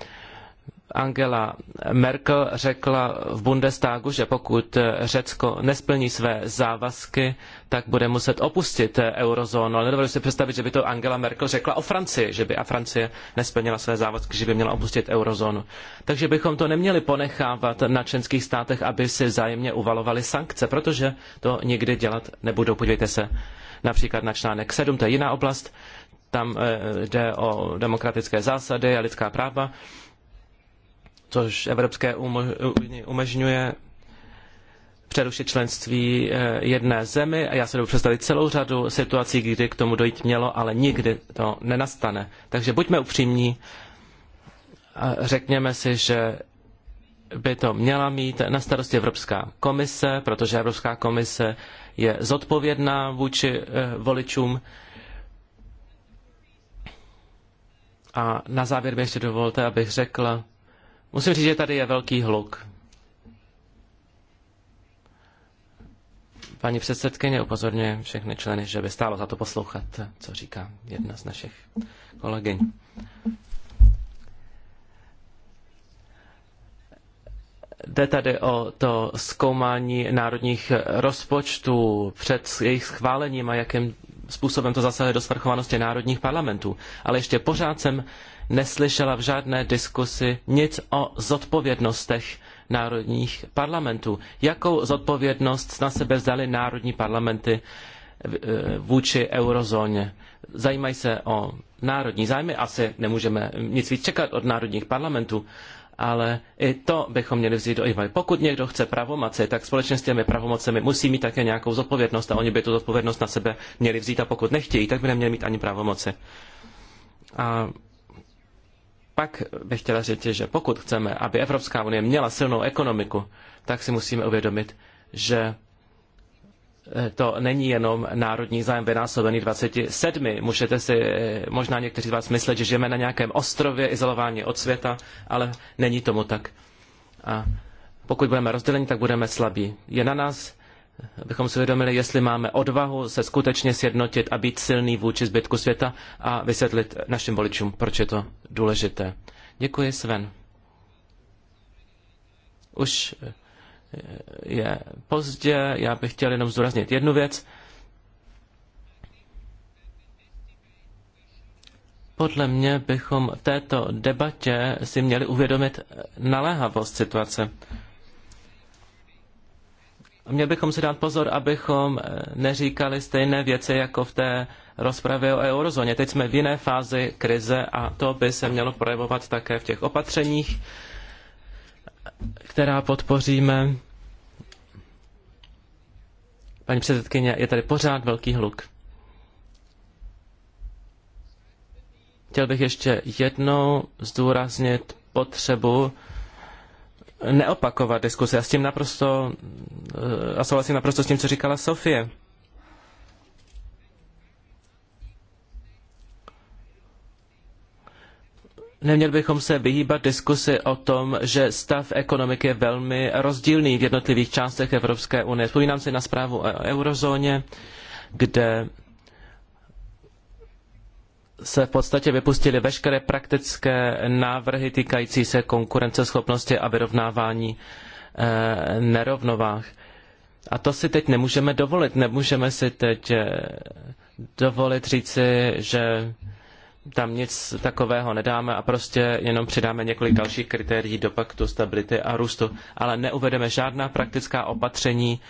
Angela Merkel řekla v Bundestagu, že pokud Řecko nesplní své závazky, tak bude muset opustit eurozónu. Ale nedovedu si představit, že by to Angela Merkel řekla o Francii, že by a Francie nesplnila své závazky, že by měla opustit eurozónu. Takže bychom to neměli ponechávat na členských státech, aby si vzájemně uvalovali sankce, protože to nikdy dělat nebudou. Podívejte se například na článek 7, to je jiná oblast, tam eh, jde o demokratické zásady a lidská práva což Evropské unii umožňuje přerušit členství eh, jedné zemi. A já se jdu představit celou řadu situací, kdy k tomu dojít mělo, ale nikdy to nenastane. Takže buďme upřímní a řekněme si, že by to měla mít na starosti Evropská komise, protože Evropská komise je zodpovědná vůči eh, voličům. A na závěr mi ještě dovolte, abych řekl, Musím říct, že tady je velký hluk. Paní předsedkyně upozorňuje všechny členy, že by stálo za to poslouchat, co říká jedna z našich kolegyň. Jde tady o to zkoumání národních rozpočtů před jejich schválením a jakým způsobem to zasahuje do svrchovanosti národních parlamentů. Ale ještě pořád jsem neslyšela v žádné diskusi nic o zodpovědnostech národních parlamentů. Jakou zodpovědnost na sebe vzaly národní parlamenty eh, vůči eurozóně? Zajímají se o národní zájmy, asi nemůžeme nic víc čekat od národních parlamentů, ale i to bychom měli vzít do úvahy. Pokud někdo chce pravomoci, tak společně s těmi pravomocemi musí mít také nějakou zodpovědnost a oni by tu zodpovědnost na sebe měli vzít a pokud nechtějí, tak by neměli mít ani pravomoci. A pak bych chtěla říct, že pokud chceme, aby Evropská unie měla silnou ekonomiku, tak si musíme uvědomit, že eh, to není jenom národní zájem vynásobený 27. Můžete si eh, možná někteří z vás myslet, že žijeme na nějakém ostrově izolování od světa, ale není tomu tak. A pokud budeme rozděleni, tak budeme slabí. Je na nás, abychom si uvědomili, jestli máme odvahu se skutečně sjednotit a být silný vůči zbytku světa a vysvětlit našim voličům, proč je to důležité. Děkuji, Sven. Už eh, je pozdě, já bych chtěl jenom zdůraznit jednu věc. Podle mě bychom v této debatě si měli uvědomit naléhavost situace. Měli bychom si dát pozor, abychom eh, neříkali stejné věci jako v té rozpravě o eurozóně. Teď jsme v jiné fázi krize a to by se mělo projevovat také v těch opatřeních, která podpoříme. Paní předsedkyně, je tady pořád velký hluk. Chtěl bych ještě jednou zdůraznit potřebu neopakovat diskuse. Já s tím naprosto, eh, a souhlasím naprosto s tím, co říkala Sofie. Neměli bychom se vyhýbat diskusy o tom, že stav ekonomiky je velmi rozdílný v jednotlivých částech Evropské unie. Vzpomínám si na zprávu o eurozóně, kde se v podstatě vypustili veškeré praktické návrhy týkající se konkurenceschopnosti a vyrovnávání eh, nerovnovách. A to si teď nemůžeme dovolit. Nemůžeme si teď eh, dovolit říci, že tam nic takového nedáme a prostě jenom přidáme několik dalších kritérií do paktu stability a růstu, ale neuvedeme žádná praktická opatření,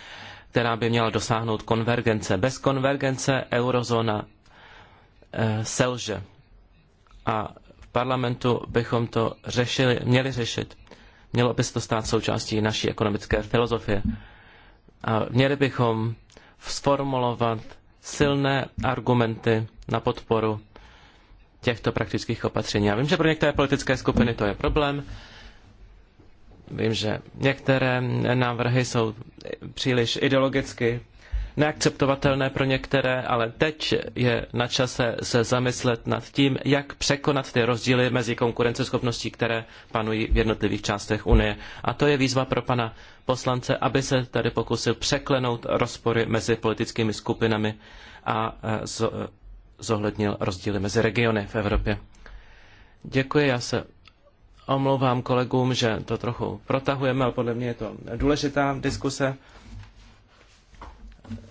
která by měla dosáhnout konvergence. Bez konvergence eurozóna Eh, selže. A v parlamentu bychom to řešili, měli řešit. Mělo by se to stát součástí naší ekonomické filozofie. A měli bychom sformulovat silné argumenty na podporu těchto praktických opatření. Já vím, že pro některé politické skupiny to je problém. Vím, že některé návrhy jsou příliš ideologicky neakceptovatelné pro některé, ale teď je na čase se zamyslet nad tím, jak překonat ty rozdíly mezi konkurenceschopností, které panují v jednotlivých částech Unie. A to je výzva pro pana poslance, aby se tady pokusil překlenout rozpory mezi politickými skupinami a e, e, zohlednil rozdíly mezi regiony v Evropě. Děkuji, já se omlouvám kolegům, že to trochu protahujeme, ale podle mě je to důležitá diskuse.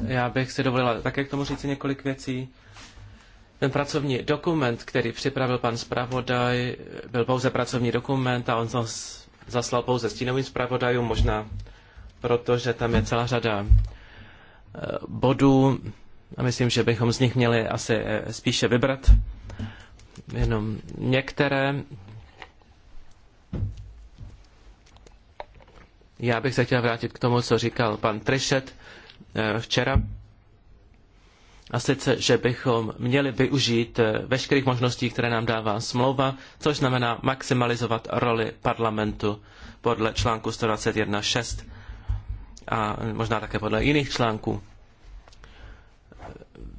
Já bych si dovolila také k tomu říct několik věcí. Ten pracovní dokument, který připravil pan zpravodaj, byl pouze pracovní dokument a on zaslal pouze stínovým zpravodajům, možná protože tam je celá řada eh, bodů a myslím, že bychom z nich měli asi eh, spíše vybrat jenom některé. Já bych se chtěl vrátit k tomu, co říkal pan Trišet Eh, včera. A sice, že bychom měli využít eh, veškerých možností, které nám dává smlouva, což znamená maximalizovat roli parlamentu podle článku 121.6 a možná také podle jiných článků.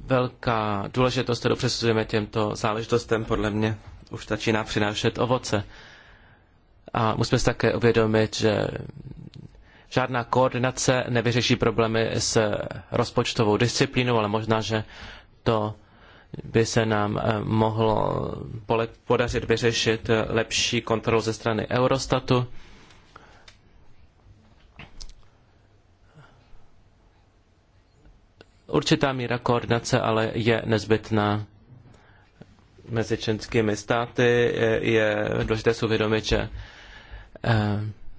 Velká důležitost, kterou přesuzujeme těmto záležitostem, podle mě už začíná přinášet ovoce. A musíme si také uvědomit, že Žádná koordinace nevyřeší problémy s rozpočtovou disciplínou, ale možná, že to by se nám eh, mohlo podařit vyřešit eh, lepší kontrolu ze strany Eurostatu. Určitá míra koordinace ale je nezbytná mezi členskými státy. Je, eh, je důležité si uvědomit, že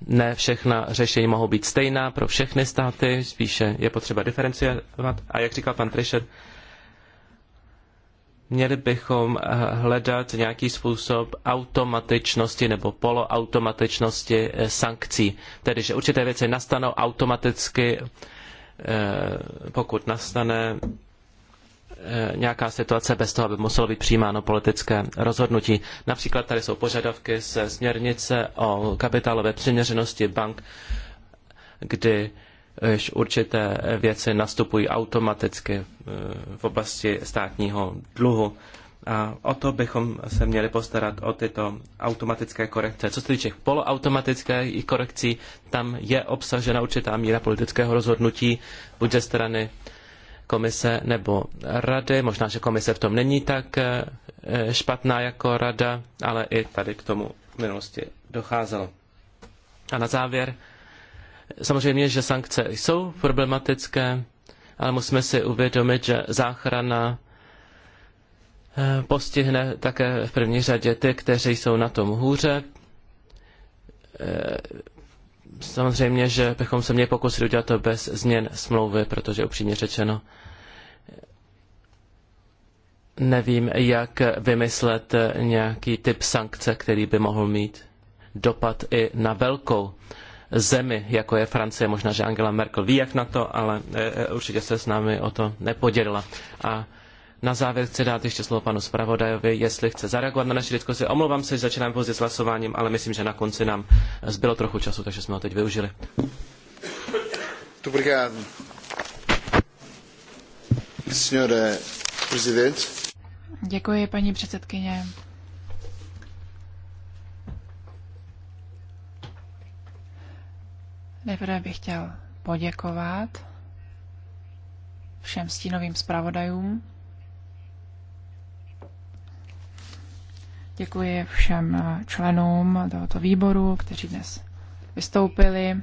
ne všechna řešení mohou být stejná pro všechny státy, spíše je potřeba diferenciovat. A jak říkal pan Trišet, měli bychom eh, hledat nějaký způsob automatičnosti nebo poloautomatičnosti eh, sankcí. Tedy, že určité věci nastanou automaticky, eh, pokud nastane Eh, nějaká situace bez toho, aby muselo být přijímáno politické rozhodnutí. Například tady jsou požadavky ze směrnice o kapitálové přiměřenosti bank, kdy určité věci nastupují automaticky eh, v oblasti státního dluhu. A o to bychom se měli postarat o tyto automatické korekce. Co se týče poloautomatických korekcí, tam je obsažena určitá míra politického rozhodnutí, buď ze strany komise nebo rady. Možná, že komise v tom není tak eh, špatná jako rada, ale i tady k tomu v minulosti docházelo. A na závěr, samozřejmě, že sankce jsou problematické, ale musíme si uvědomit, že záchrana eh, postihne také v první řadě ty, kteří jsou na tom hůře eh, Samozřejmě, že bychom se měli pokusit udělat to bez změn smlouvy, protože upřímně řečeno nevím, jak vymyslet nějaký typ sankce, který by mohl mít dopad i na velkou zemi, jako je Francie. Možná, že Angela Merkel ví jak na to, ale e, e, určitě se s námi o to nepodělila. A na závěr chci dát ještě slovo panu zpravodajovi, jestli chce zareagovat na naši diskusi. Omlouvám se, že začínám pozdě s hlasováním, ale myslím, že na konci nám eh, zbylo trochu času, takže jsme ho teď využili. Obrigado. Senhora Děkuji, paní předsedkyně. Nejprve bych chtěl poděkovat všem stínovým zpravodajům Děkuji všem členům tohoto výboru, kteří dnes vystoupili.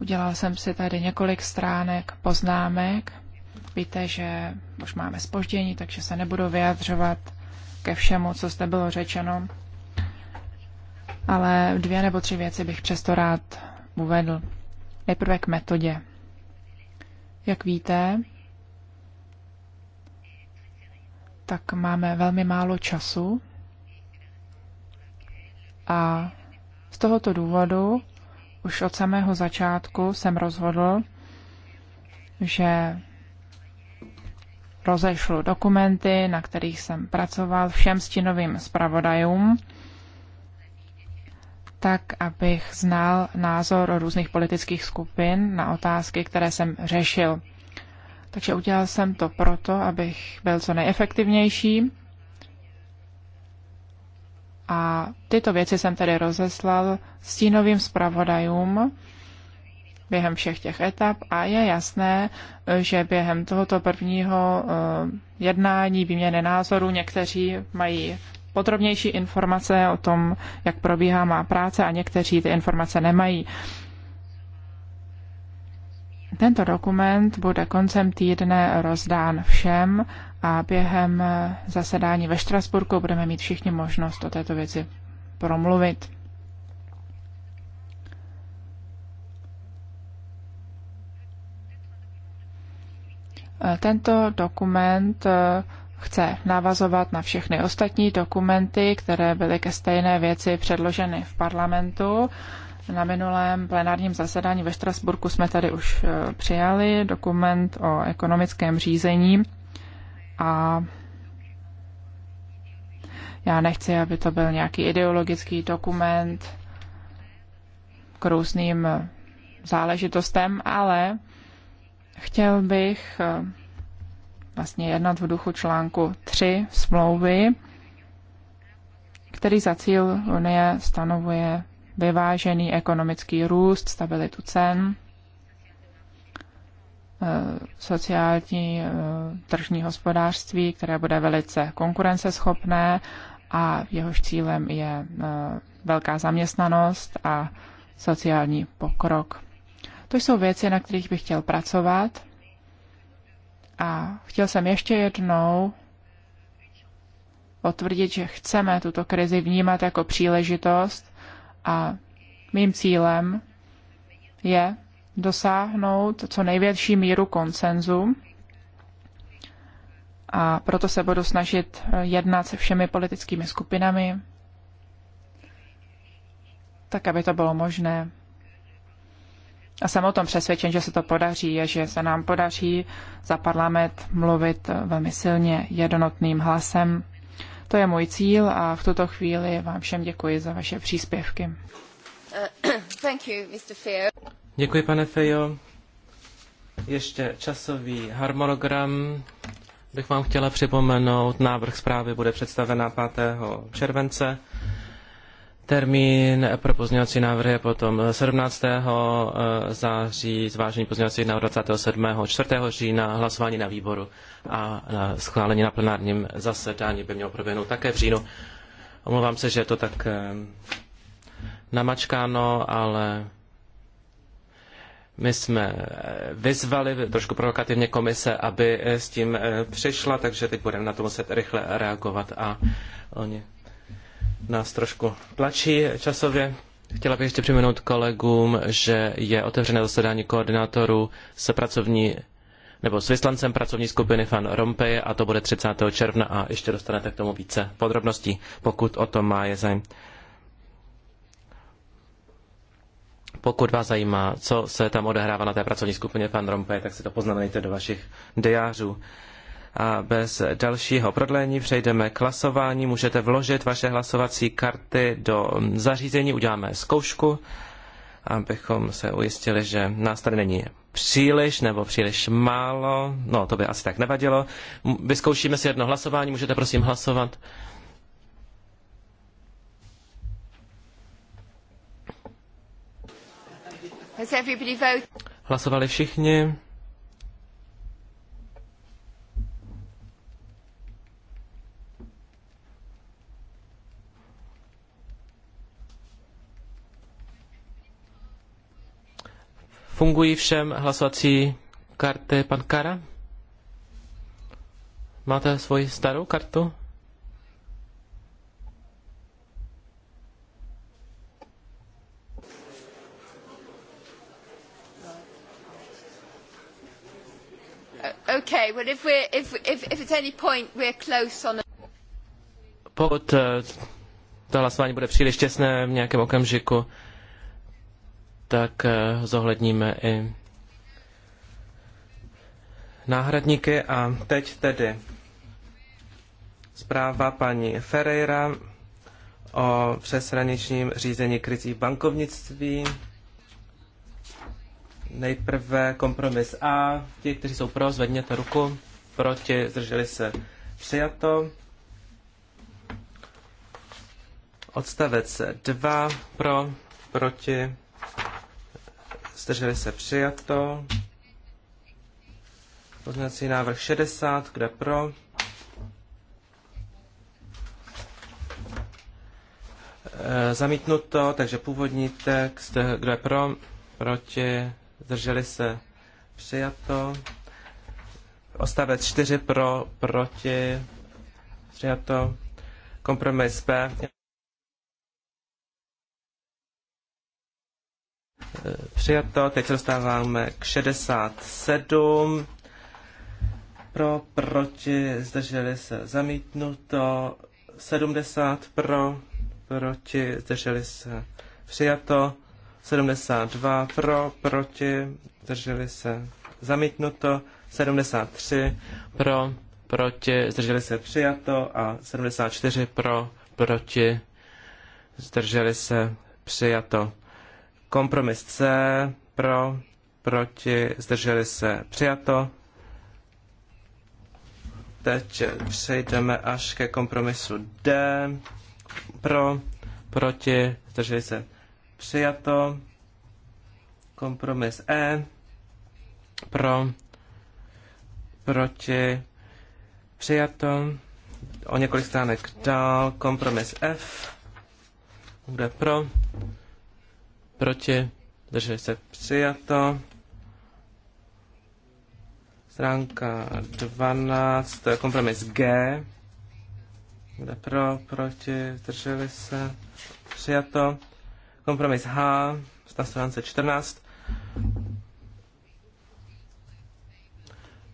Udělal jsem si tady několik stránek poznámek. Víte, že už máme spoždění, takže se nebudu vyjadřovat ke všemu, co zde bylo řečeno. Ale dvě nebo tři věci bych přesto rád uvedl. Nejprve k metodě. Jak víte, tak máme velmi málo času a z tohoto důvodu už od samého začátku jsem rozhodl, že rozešlu dokumenty, na kterých jsem pracoval všem stinovým zpravodajům, tak, abych znal názor různých politických skupin na otázky, které jsem řešil. Takže udělal jsem to proto, abych byl co nejefektivnější. A tyto věci jsem tedy rozeslal stínovým zpravodajům během všech těch etap a je jasné, že během tohoto prvního eh, jednání výměny názorů někteří mají podrobnější informace o tom, jak probíhá má práce a někteří ty informace nemají. Tento dokument bude koncem týdne rozdán všem a během zasedání ve Štrasburku budeme mít všichni možnost o této věci promluvit. Tento dokument eh, chce navazovat na všechny ostatní dokumenty, které byly ke stejné věci předloženy v parlamentu na minulém plenárním zasedání ve Štrasburku jsme tady už eh, přijali dokument o ekonomickém řízení a já nechci, aby to byl nějaký ideologický dokument k různým eh, záležitostem, ale chtěl bych eh, vlastně jednat v duchu článku 3 smlouvy, který za cíl Unie stanovuje vyvážený ekonomický růst, stabilitu cen, eh, sociální eh, tržní hospodářství, které bude velice konkurenceschopné a jehož cílem je eh, velká zaměstnanost a sociální pokrok. To jsou věci, na kterých bych chtěl pracovat a chtěl jsem ještě jednou potvrdit, že chceme tuto krizi vnímat jako příležitost a mým cílem je dosáhnout co největší míru konsenzu a proto se budu snažit jednat se všemi politickými skupinami, tak aby to bylo možné. A jsem o tom přesvědčen, že se to podaří a že se nám podaří za parlament mluvit velmi silně jednotným hlasem. To je můj cíl a v tuto chvíli vám všem děkuji za vaše příspěvky. Děkuji, pane Fejo. Ještě časový harmonogram bych vám chtěla připomenout. Návrh zprávy bude představena 5. července. Termín pro pozměňovací návrhy je potom 17. Eh, září, zvážení pozměňovací návrhů 27. 4. října, hlasování na výboru a eh, schválení na plenárním zasedání by mělo proběhnout také v říjnu. Omlouvám se, že je to tak eh, namačkáno, ale my jsme vyzvali trošku provokativně komise, aby s tím přišla, takže teď budeme na to muset rychle reagovat a oni nás trošku tlačí časově. Chtěla bych ještě připomenout kolegům, že je otevřené zasedání koordinátorů se pracovní nebo s vyslancem pracovní skupiny Fan Rompuy a to bude 30. června a ještě dostanete k tomu více podrobností, pokud o tom má je zájem. Pokud vás zajímá, co se tam odehrává na té pracovní skupině Fan Rompuy, tak si to poznamenejte do vašich diářů. A bez dalšího prodlení přejdeme k hlasování. Můžete vložit vaše hlasovací karty do zařízení, uděláme zkoušku, abychom se ujistili, že nás tady není příliš nebo příliš málo. No, to by asi tak nevadilo. Vyzkoušíme si jedno hlasování, můžete prosím hlasovat. Hlasovali všichni. Fungují všem hlasovací karty pan Kara? Máte svoji starou kartu? Okay, well if we're if if if at any point we're close on. Pokud eh, to hlasování bude příliš těsné v nějakém okamžiku, tak eh, zohledníme i náhradníky. A teď tedy zpráva paní Ferreira o přeshraničním řízení krycí bankovnictví. Nejprve kompromis A. Ti, kteří jsou pro, zvedněte ruku. Proti, zdrželi se. Přijato. Odstavec 2 pro, proti, Zdrželi se přijato. Poznací návrh 60, kde pro? E, zamítnuto, takže původní text, kde pro? Proti, zdrželi se přijato. Ostavec 4 pro, proti, přijato. Kompromis B. Přijato. Teď se dostáváme k 67. Pro, proti, zdrželi se. Zamítnuto. 70 pro, proti, zdrželi se. Přijato. 72 pro, proti, zdrželi se. Zamítnuto. 73 pro, proti, zdrželi se přijato a 74 pro, proti, zdrželi se přijato. Kompromis C pro, proti, zdrželi se přijato. Teď přejdeme až ke kompromisu D pro, proti, zdrželi se přijato. Kompromis E pro, proti, přijato. O několik stránek dál kompromis F, bude pro, proti, drželi se přijato. Stránka 12, to je kompromis G. Kde pro, proti, drželi se přijato. Kompromis H, na stránce 14.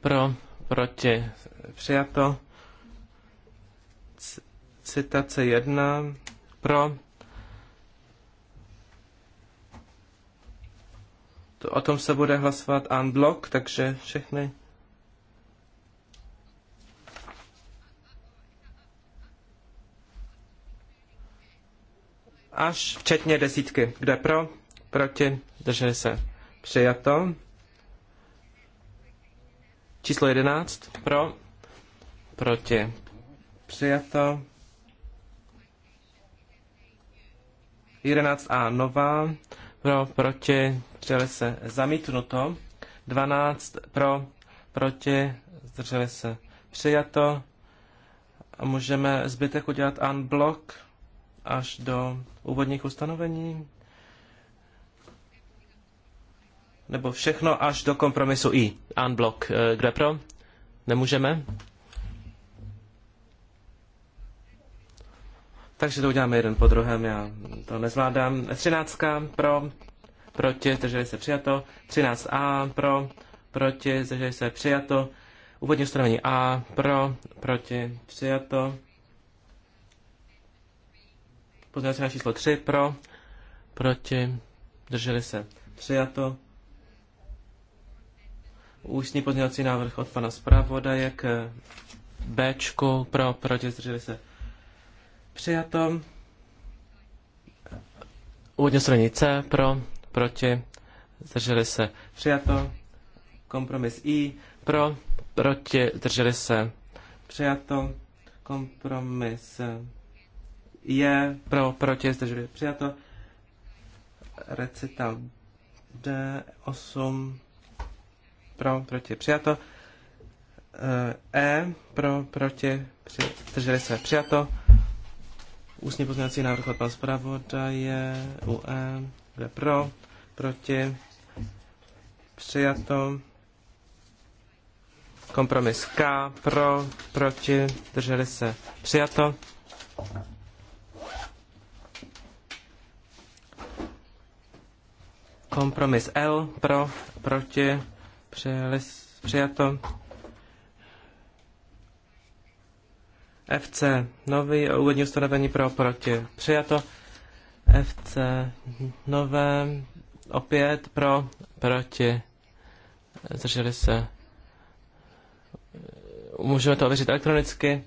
Pro, proti, přijato. C- citace 1, pro, to, o tom se bude hlasovat en blok, takže všechny. Až včetně desítky. Kde pro? Proti? Drželi se. Přijato. Číslo jedenáct. Pro? Proti? Přijato. Jedenáct a nová, pro, proti, zdrželi se zamítnuto, 12 pro, proti, zdrželi se přijato. A můžeme zbytek udělat unblock až do úvodních ustanovení. Nebo všechno až do kompromisu I. Unblock. Eh, Kde pro? Nemůžeme? Takže to uděláme jeden po druhém, já to nezvládám. Třináctka pro, proti, zdrželi se přijato. 13a pro, proti, zdrželi se přijato. Úvodní ustanovení A pro, proti, přijato. Pozměňovací na číslo 3 pro, proti, zdrželi se přijato. Ústní pozměňovací návrh od pana zpravodaje k B pro, proti, zdrželi se přijato. Úvodně ustanovení C pro, proti, zdrželi se přijato, kompromis I, pro, proti, zdrželi se přijato, kompromis je, pro, proti, zdrželi přijato, recital D8, pro, proti, přijato, E, pro, proti, zdrželi se přijato, ústní pozměňovací návrh od pana zpravodaje u E, kde pro, proti, přijato. Kompromis K, pro, proti, drželi se, přijato. Kompromis L, pro, proti, přijali, přijato. FC, nový úvodní ustanovení pro, proti, přijato. FC, nové opět pro, proti, zdrželi se. Můžeme to ověřit elektronicky.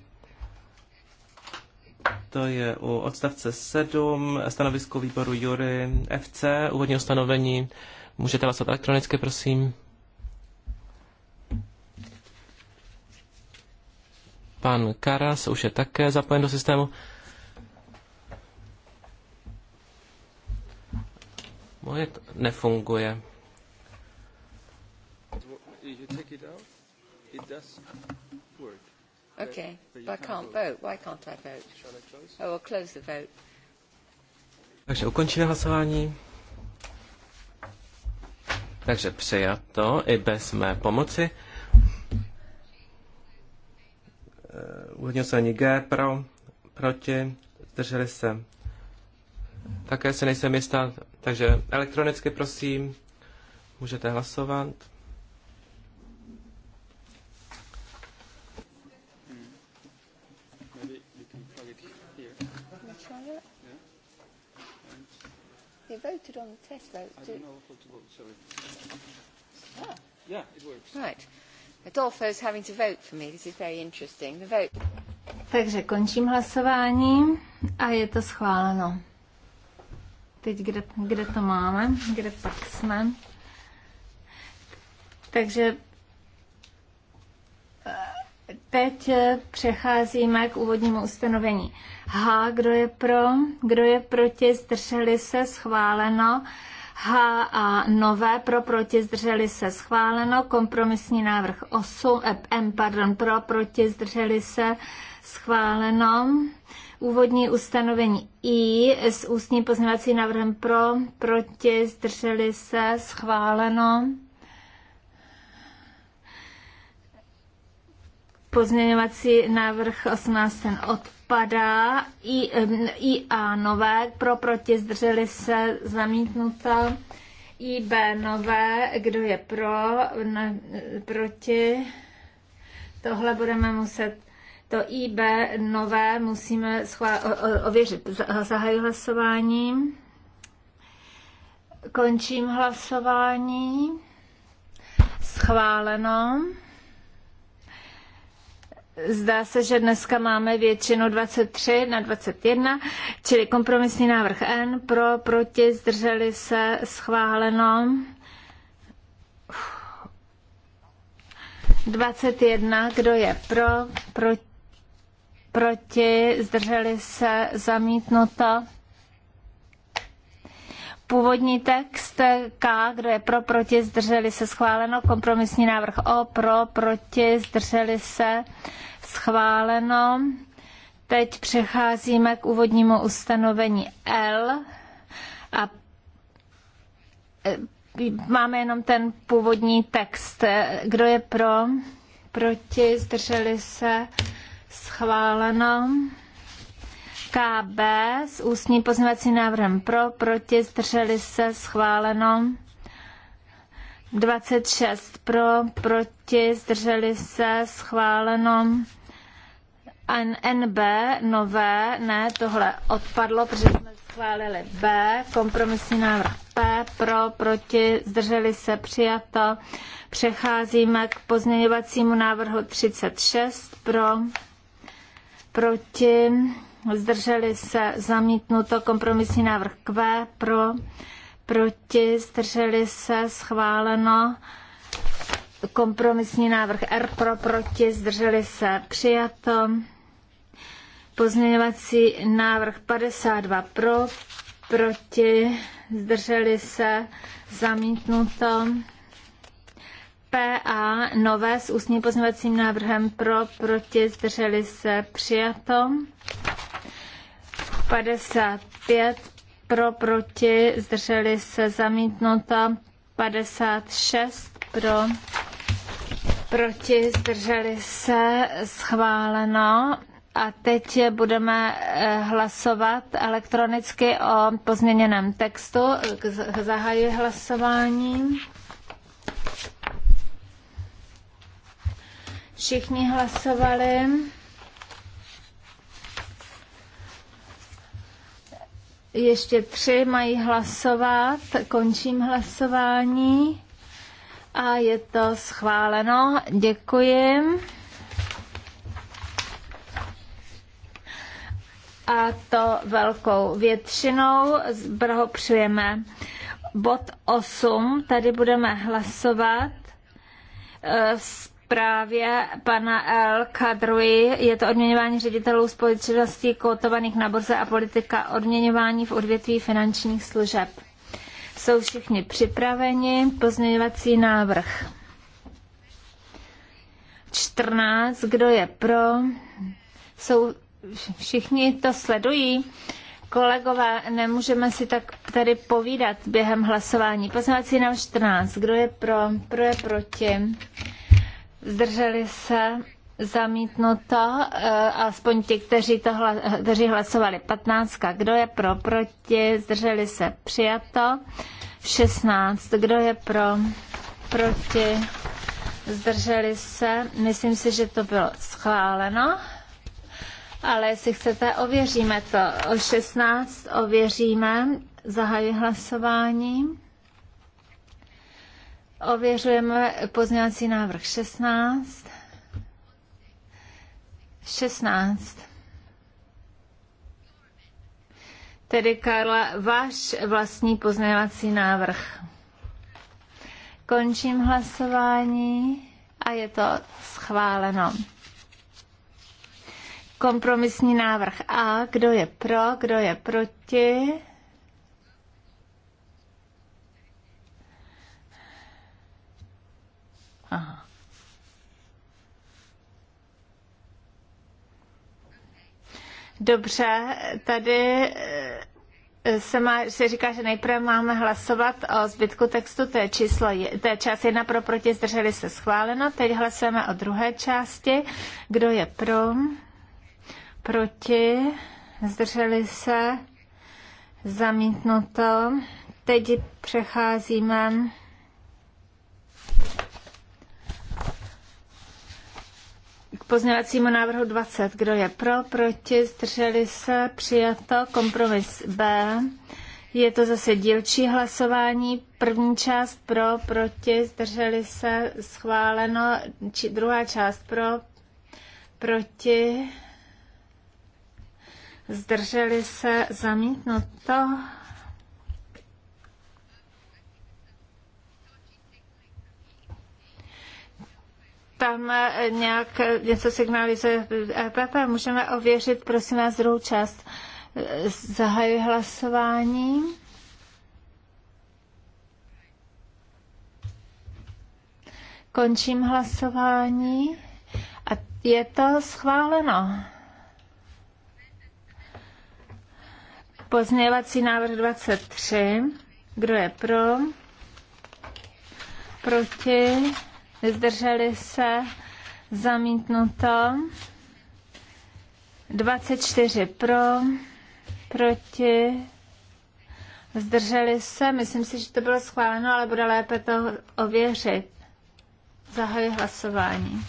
To je u odstavce 7, stanovisko výboru Jury FC, úvodní ustanovení. Můžete hlasovat elektronicky, prosím. Pan Karas už je také zapojen do systému. Moje to nefunguje. Okay, but I can't vote. Why can't I vote? Shall I close? the vote. Takže ukončíme hlasování. Takže přijato i bez mé pomoci. Eh, Uhodnil se G pro, proti, zdrželi se také se nejsem jistá, takže elektronicky prosím, můžete hlasovat. They voted on the test vote. I don't know how to vote, sorry. Ah. Yeah, it works. Right. Adolfo's having to vote for me. This is very interesting. The vote. Takže končím hlasování a je to schváleno teď kde, kde to máme, kde pak jsme. Takže eh, teď eh, přecházíme k úvodnímu ustanovení. H, kdo je pro, kdo je proti, zdrželi se, schváleno. H a nové pro, proti, zdrželi se, schváleno. Kompromisní návrh 8, M, eh, pardon, pro, proti, zdrželi se, schváleno. Úvodní ustanovení I s ústním poznávací návrhem pro, proti, zdrželi se, schváleno. Pozměňovací návrh 18 ten odpadá. I, I A nové pro, proti, zdrželi se, zamítnuta. I B nové, kdo je pro, ne, proti. Tohle budeme muset to IB nové musíme ověřit. Zahajuji hlasování. Končím hlasování. Schváleno. Zdá se, že dneska máme většinu 23 na 21, čili kompromisní návrh N. Pro, proti, zdrželi se, schváleno. 21, kdo je pro, proti proti, zdrželi se, zamítnuto. Původní text K, kdo je pro, proti, zdrželi se, schváleno. Kompromisní návrh O, pro, proti, zdrželi se, schváleno. Teď přecházíme k úvodnímu ustanovení L a e, máme jenom ten původní text. Kdo je pro? Proti? Zdrželi se? schváleno. KB s ústním pozměvacím návrhem pro, proti, zdrželi se, schváleno. 26 pro, proti, zdrželi se, schváleno. NB, nové, ne, tohle odpadlo, protože jsme schválili B, kompromisní návrh P, pro, proti, zdrželi se, přijato. Přecházíme k pozměňovacímu návrhu 36, pro, proti, zdrželi se zamítnuto kompromisní návrh Q, pro, proti, zdrželi se schváleno kompromisní návrh R, pro, proti, zdrželi se přijato. Pozměňovací návrh 52 pro, proti, zdrželi se, zamítnuto. PA nové s ústním pozměňovacím návrhem pro, proti, zdrželi se, přijato. 55 pro, proti, zdrželi se, zamítnuto. 56 pro, proti, zdrželi se, schváleno. A teď budeme eh, hlasovat elektronicky o pozměněném textu. Zahajuji hlasování. Všichni hlasovali. Ještě tři mají hlasovat. Končím hlasování. A je to schváleno. Děkuji. A to velkou většinou. Blahopřejeme. Bod 8, tady budeme hlasovat. Eh, právě pana El Kadruji. Je to odměňování ředitelů společností kotovaných na burze a politika odměňování v odvětví finančních služeb. Jsou všichni připraveni. Pozměňovací návrh. 14. Kdo je pro? Jsou všichni to sledují. Kolegové, nemůžeme si tak tady povídat během hlasování. Pozměňovací návrh 14. Kdo je pro? Pro je proti? zdrželi se, zamítnuto, e, aspoň ti, kteří, to hla, kteří hlasovali 15. Kdo je pro, proti, zdrželi se, přijato. 16. Kdo je pro, proti, zdrželi se. Myslím si, že to bylo schváleno. Ale jestli chcete, ověříme to. 16 ověříme. Zahajuji hlasování. Ověřujeme pozměňovací návrh 16. 16. Tedy, Karla, váš vlastní pozměňovací návrh. Končím hlasování a je to schváleno. Kompromisní návrh A. Kdo je pro, kdo je proti? Aha. Dobře, tady eh, se, má, se říká, že nejprve máme hlasovat o zbytku textu, to je číslo, to je část jedna pro proti, zdrželi se schváleno. Teď hlasujeme o druhé části. Kdo je pro? Proti? Zdrželi se? Zamítnuto. Teď přecházíme pozměňovacímu návrhu 20. Kdo je pro, proti, zdrželi se, přijato, kompromis B. Je to zase dílčí hlasování. První část pro, proti, zdrželi se, schváleno. Či druhá část pro, proti, zdrželi se, zamítnuto. tam eh, nějak něco signalizuje EPP. Můžeme ověřit, prosím vás, druhou část. Zahajuji hlasování. Končím hlasování a je to schváleno. Pozměňovací návrh 23. Kdo je pro? Proti? zdrželi se, zamítnuto. 24 pro, proti, zdrželi se. Myslím si, že to bylo schváleno, ale bude lépe to ověřit. Zahajuji hlasování.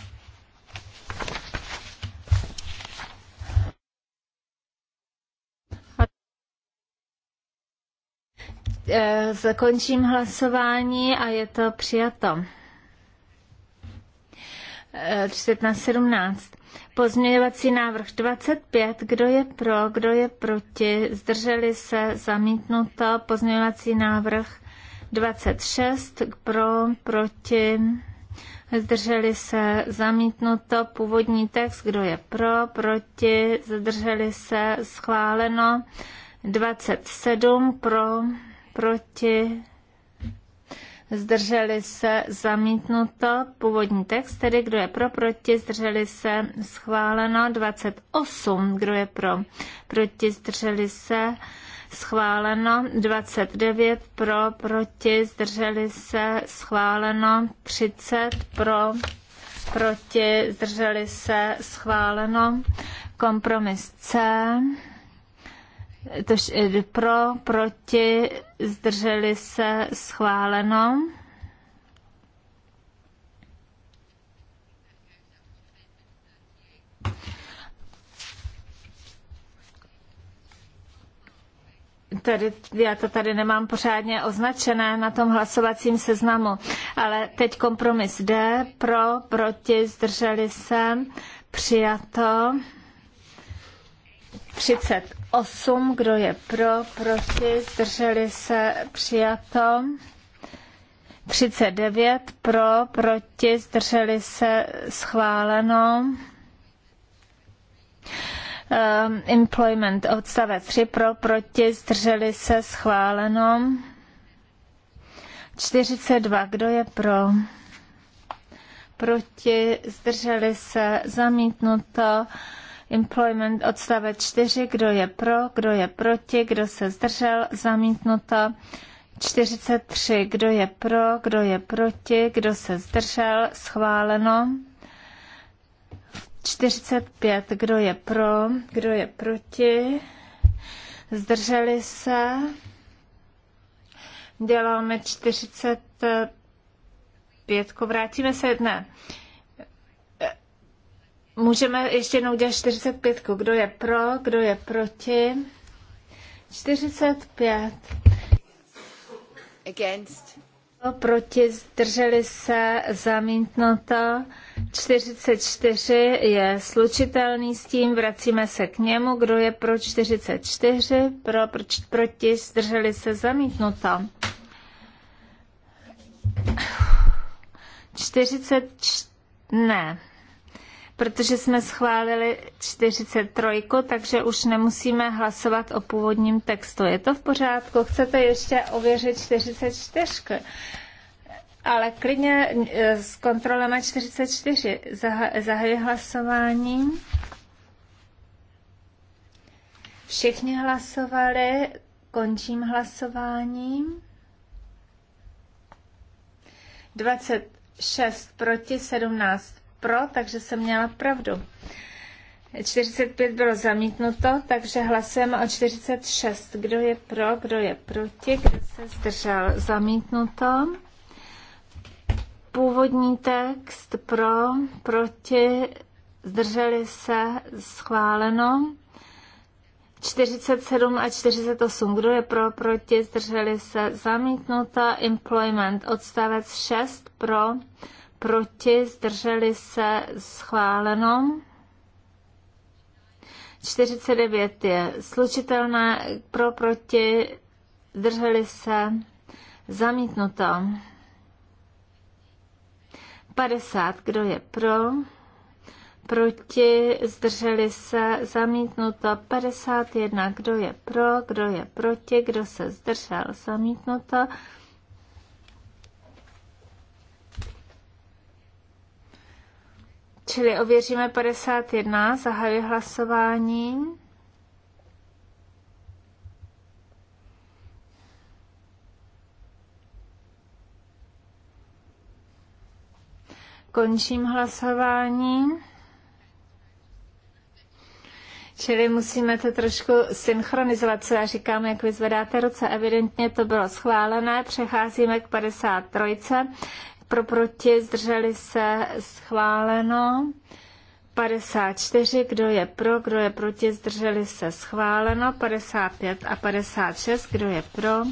Eh, zakončím hlasování a je to přijato. 17. Pozměňovací návrh 25. Kdo je pro, kdo je proti? Zdrželi se, zamítnuto. Pozměňovací návrh 26. Pro, proti? Zdrželi se, zamítnuto. Původní text, kdo je pro, proti? Zdrželi se, schváleno. 27. Pro, proti? zdrželi se, zamítnuto, původní text, tedy kdo je pro, proti, zdrželi se, schváleno, 28, kdo je pro, proti, zdrželi se, schváleno, 29 pro, proti, zdrželi se, schváleno, 30 pro, proti, zdrželi se, schváleno, kompromis C, Tož eh, pro, proti, zdrželi se, schváleno. Tady, já to tady nemám pořádně označené na tom hlasovacím seznamu, ale teď kompromis D, pro, proti, zdrželi se, přijato. 38, kdo je pro, proti, zdrželi se, přijato. 39 pro, proti, zdrželi se, schváleno. Um, employment odstavec 3 pro, proti, zdrželi se, schváleno. 42, kdo je pro? Proti, zdrželi se, zamítnuto employment odstavec 4, kdo je pro, kdo je proti, kdo se zdržel, zamítnuto. 43, kdo je pro, kdo je proti, kdo se zdržel, schváleno. 45, kdo je pro, kdo je proti, zdrželi se. Děláme 45, vrátíme se, ne, Můžeme ještě jednou udělat 45. Kdo je pro, kdo je proti? 45. Against. Proti zdrželi se zamítnuto. 44 je slučitelný s tím, vracíme se k němu. Kdo je pro 44? Pro, proč, proti zdrželi se zamítnuto. 44, ne protože jsme schválili 43, takže už nemusíme hlasovat o původním textu. Je to v pořádku? Chcete ještě ověřit 44? Ale klidně e, s kontrolem 44 zahají hlasování. Všichni hlasovali, končím hlasováním. 26 proti 17 pro, takže jsem měla pravdu. 45 bylo zamítnuto, takže hlasujeme o 46. Kdo je pro, kdo je proti, kdo se zdržel? Zamítnuto. Původní text pro, proti, zdrželi se, schváleno. 47 a 48. Kdo je pro, proti, zdrželi se, zamítnuto. Employment odstavec 6 pro, proti, zdrželi se, schváleno. 49 je slučitelné, pro, proti, zdrželi se, zamítnuto. 50, kdo je pro, proti, zdrželi se, zamítnuto. 51, kdo je pro, kdo je proti, kdo se zdržel, zamítnuto. Čili ověříme 51, zahajuji hlasování. Končím hlasování. Čili musíme to trošku synchronizovat, co já říkám, jak vyzvedáte ruce. Evidentně to bylo schválené. Přecházíme k 53 pro proti, zdrželi se, schváleno. 54, kdo je pro, kdo je proti, zdrželi se, schváleno. 55 a 56, kdo je pro,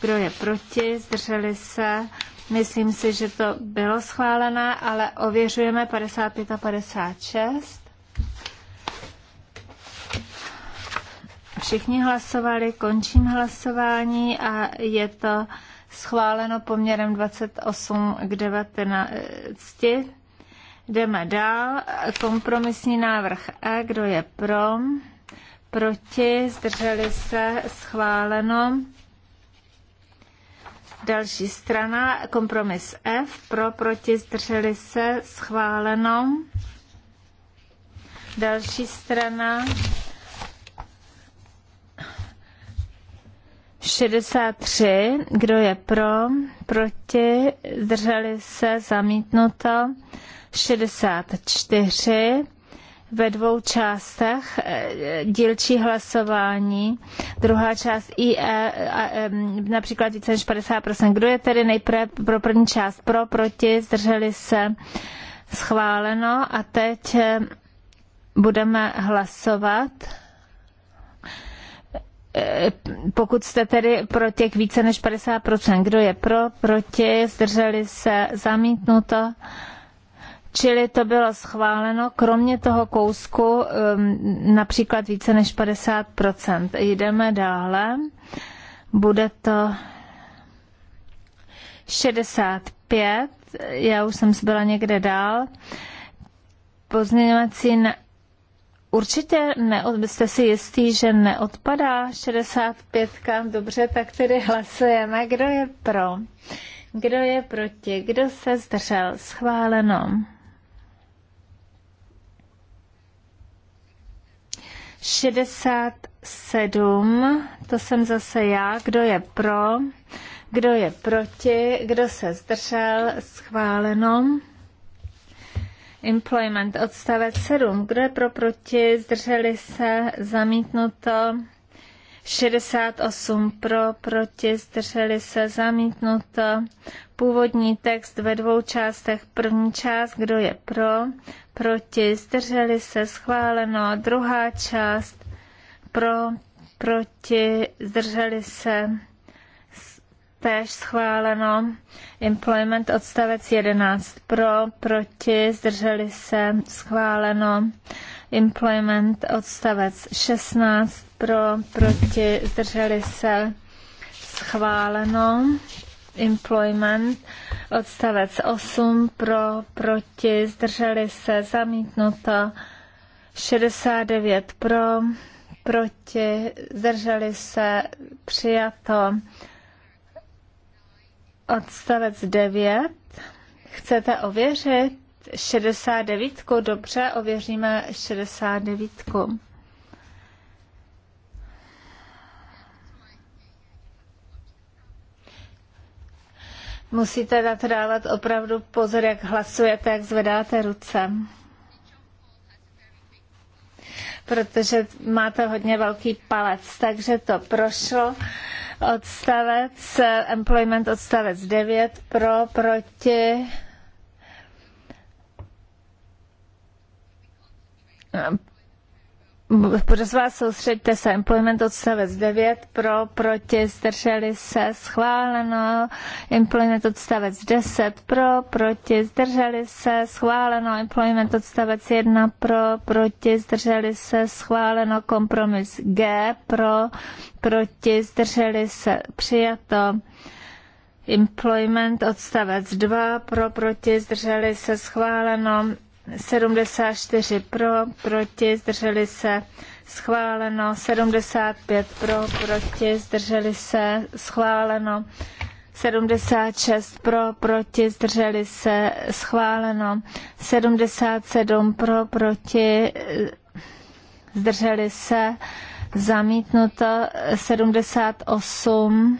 kdo je proti, zdrželi se. Myslím si, že to bylo schválené, ale ověřujeme 55 a 56. Všichni hlasovali, končím hlasování a je to schváleno poměrem 28 k 19. Jdeme dál. Kompromisní návrh E. Kdo je pro? Proti? Zdrželi se? Schváleno. Další strana. Kompromis F. Pro? Proti? Zdrželi se? Schváleno. Další strana. 63, kdo je pro, proti, zdrželi se, zamítnuto. 64, ve dvou částech eh, dílčí hlasování. Druhá část i e, e, například více než 50%. Kdo je tedy nejprve pro první část pro, proti, zdrželi se schváleno a teď eh, budeme hlasovat. Eh, pokud jste tedy pro těch více než 50%, kdo je pro, proti, zdrželi se, zamítnuto, čili to bylo schváleno, kromě toho kousku ehm, například více než 50%. Jdeme dále, bude to 65, já už jsem byla někde dál, pozměňovací Určitě neod, jste si jistý, že neodpadá 65. Dobře, tak tedy hlasujeme. Kdo je pro? Kdo je proti? Kdo se zdržel? Schváleno. 67, to jsem zase já, kdo je pro, kdo je proti, kdo se zdržel, schváleno employment odstavec 7. Kdo je pro proti? Zdrželi se zamítnuto. 68 pro, proti, zdrželi se, zamítnuto. Původní text ve dvou částech. První část, kdo je pro, proti, zdrželi se, schváleno. Druhá část, pro, proti, zdrželi se, též schváleno. Employment odstavec 11 pro, proti, zdrželi se, schváleno. Employment odstavec 16 pro, proti, zdrželi se, schváleno. Employment odstavec 8 pro, proti, zdrželi se, zamítnuto. 69 pro, proti, zdrželi se, přijato. Odstavec 9. Chcete ověřit 69? Dobře, ověříme 69. Musíte na to dávat opravdu pozor, jak hlasujete, jak zvedáte ruce. Protože máte hodně velký palec, takže to prošlo odstavec, employment odstavec 9 pro, proti Prosím vás, soustřeďte se. Employment odstavec 9 pro, proti, zdrželi se, schváleno. Employment odstavec 10 pro, proti, zdrželi se, schváleno. Employment odstavec 1 pro, proti, zdrželi se, schváleno. Kompromis G pro, proti, zdrželi se, přijato. Employment odstavec 2 pro, proti, zdrželi se, schváleno 74 pro, proti, zdrželi se schváleno, 75 pro, proti, zdrželi se schváleno, 76 pro, proti, zdrželi se schváleno, 77 pro, proti, zdrželi se zamítnuto, 78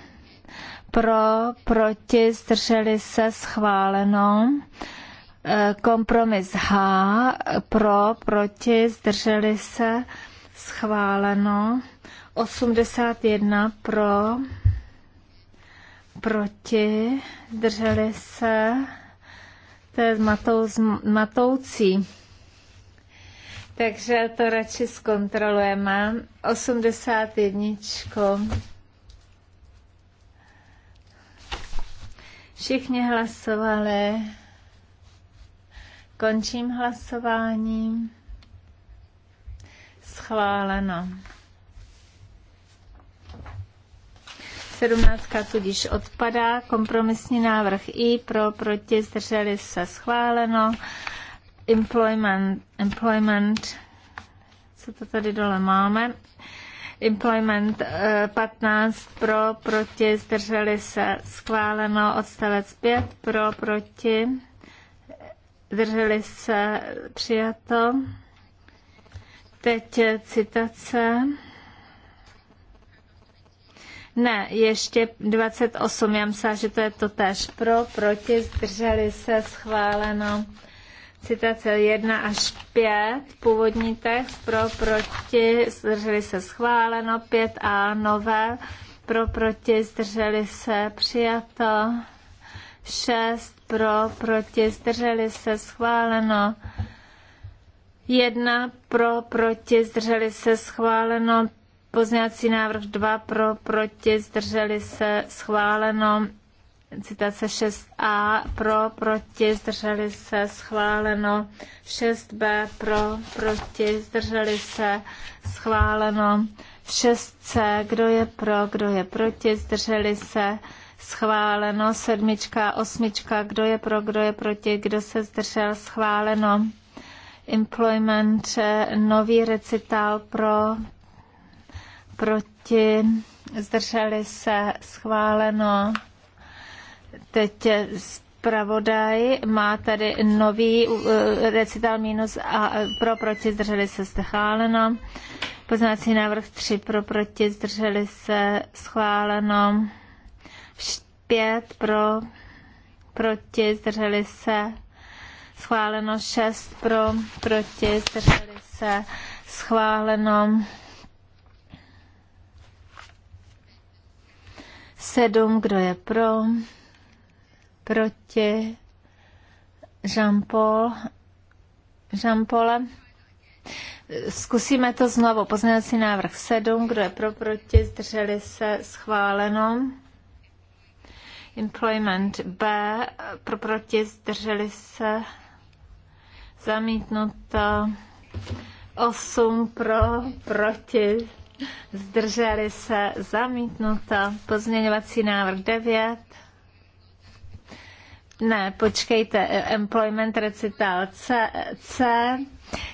pro, proti, zdrželi se schváleno, Kompromis H pro, proti, zdrželi se, schváleno. 81 pro, proti, zdrželi se, to je matou, matoucí. Takže to radši zkontrolujeme. 81. Všichni hlasovali. Končím hlasování. Schváleno. 17 tudíž odpadá. Kompromisní návrh I pro, proti, zdrželi se schváleno. Employment, employment, co to tady dole máme? Employment 15 eh, pro, proti, zdrželi se schváleno. Odstavec 5 pro, proti Drželi se přijato. Teď citace. Ne, ještě 28. Já myslím, že to je to tež. Pro, proti, zdrželi se, schváleno. Citace 1 až 5, původní text, pro, proti, zdrželi se, schváleno. 5a, nové, pro, proti, zdrželi se, přijato. 6, pro, proti, zdrželi se, schváleno. Jedna pro, proti, zdrželi se, schváleno. Pozměňovací návrh dva pro, proti, zdrželi se, schváleno. Citace 6a pro, proti, zdrželi se, schváleno. 6b pro, proti, zdrželi se, schváleno. 6c, kdo je pro, kdo je proti, zdrželi se, schváleno, sedmička, osmička, kdo je pro, kdo je proti, kdo se zdržel, schváleno. Employment, eh, nový recital pro, proti, zdrželi se, schváleno. Teď zpravodaj má tady nový eh, recital minus a eh, pro, proti, zdrželi se, schváleno. Poznací návrh 3 pro, proti, zdrželi se, schváleno. 5 pro, proti, zdrželi se, schváleno 6 pro, proti, zdrželi se, schváleno 7, kdo je pro, proti, Jean-Paul, Jean-Paule. Zkusíme to znovu. Poznávací návrh 7, kdo je pro, proti, zdrželi se, schváleno employment B, pro proti zdrželi se zamítnuto 8 pro proti zdrželi se zamítnuto pozměňovací návrh 9 ne, počkejte, employment recital C, C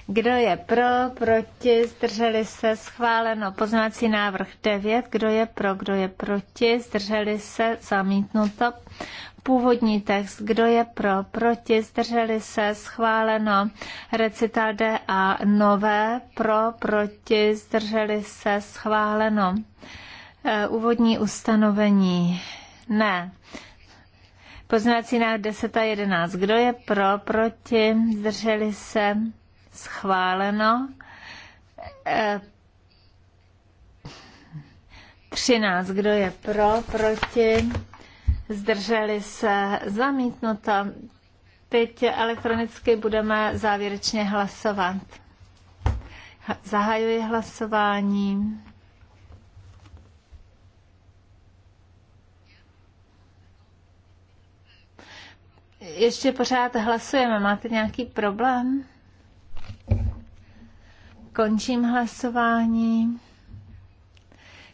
kdo je pro, proti, zdrželi se, schváleno. Poznací návrh 9. Kdo je pro, kdo je proti, zdrželi se, zamítnuto. Původní text, kdo je pro, proti, zdrželi se, schváleno. Recital a nové, pro, proti, zdrželi se, schváleno. E, úvodní ustanovení. Ne. Poznací návrh 10 a 11. Kdo je pro, proti, zdrželi se, schváleno. Eh, třináct, Kdo je pro, proti? Zdrželi se zamítnuto. Teď elektronicky budeme závěrečně hlasovat. Zahajuji hlasování. Ještě pořád hlasujeme. Máte nějaký problém? Končím hlasování.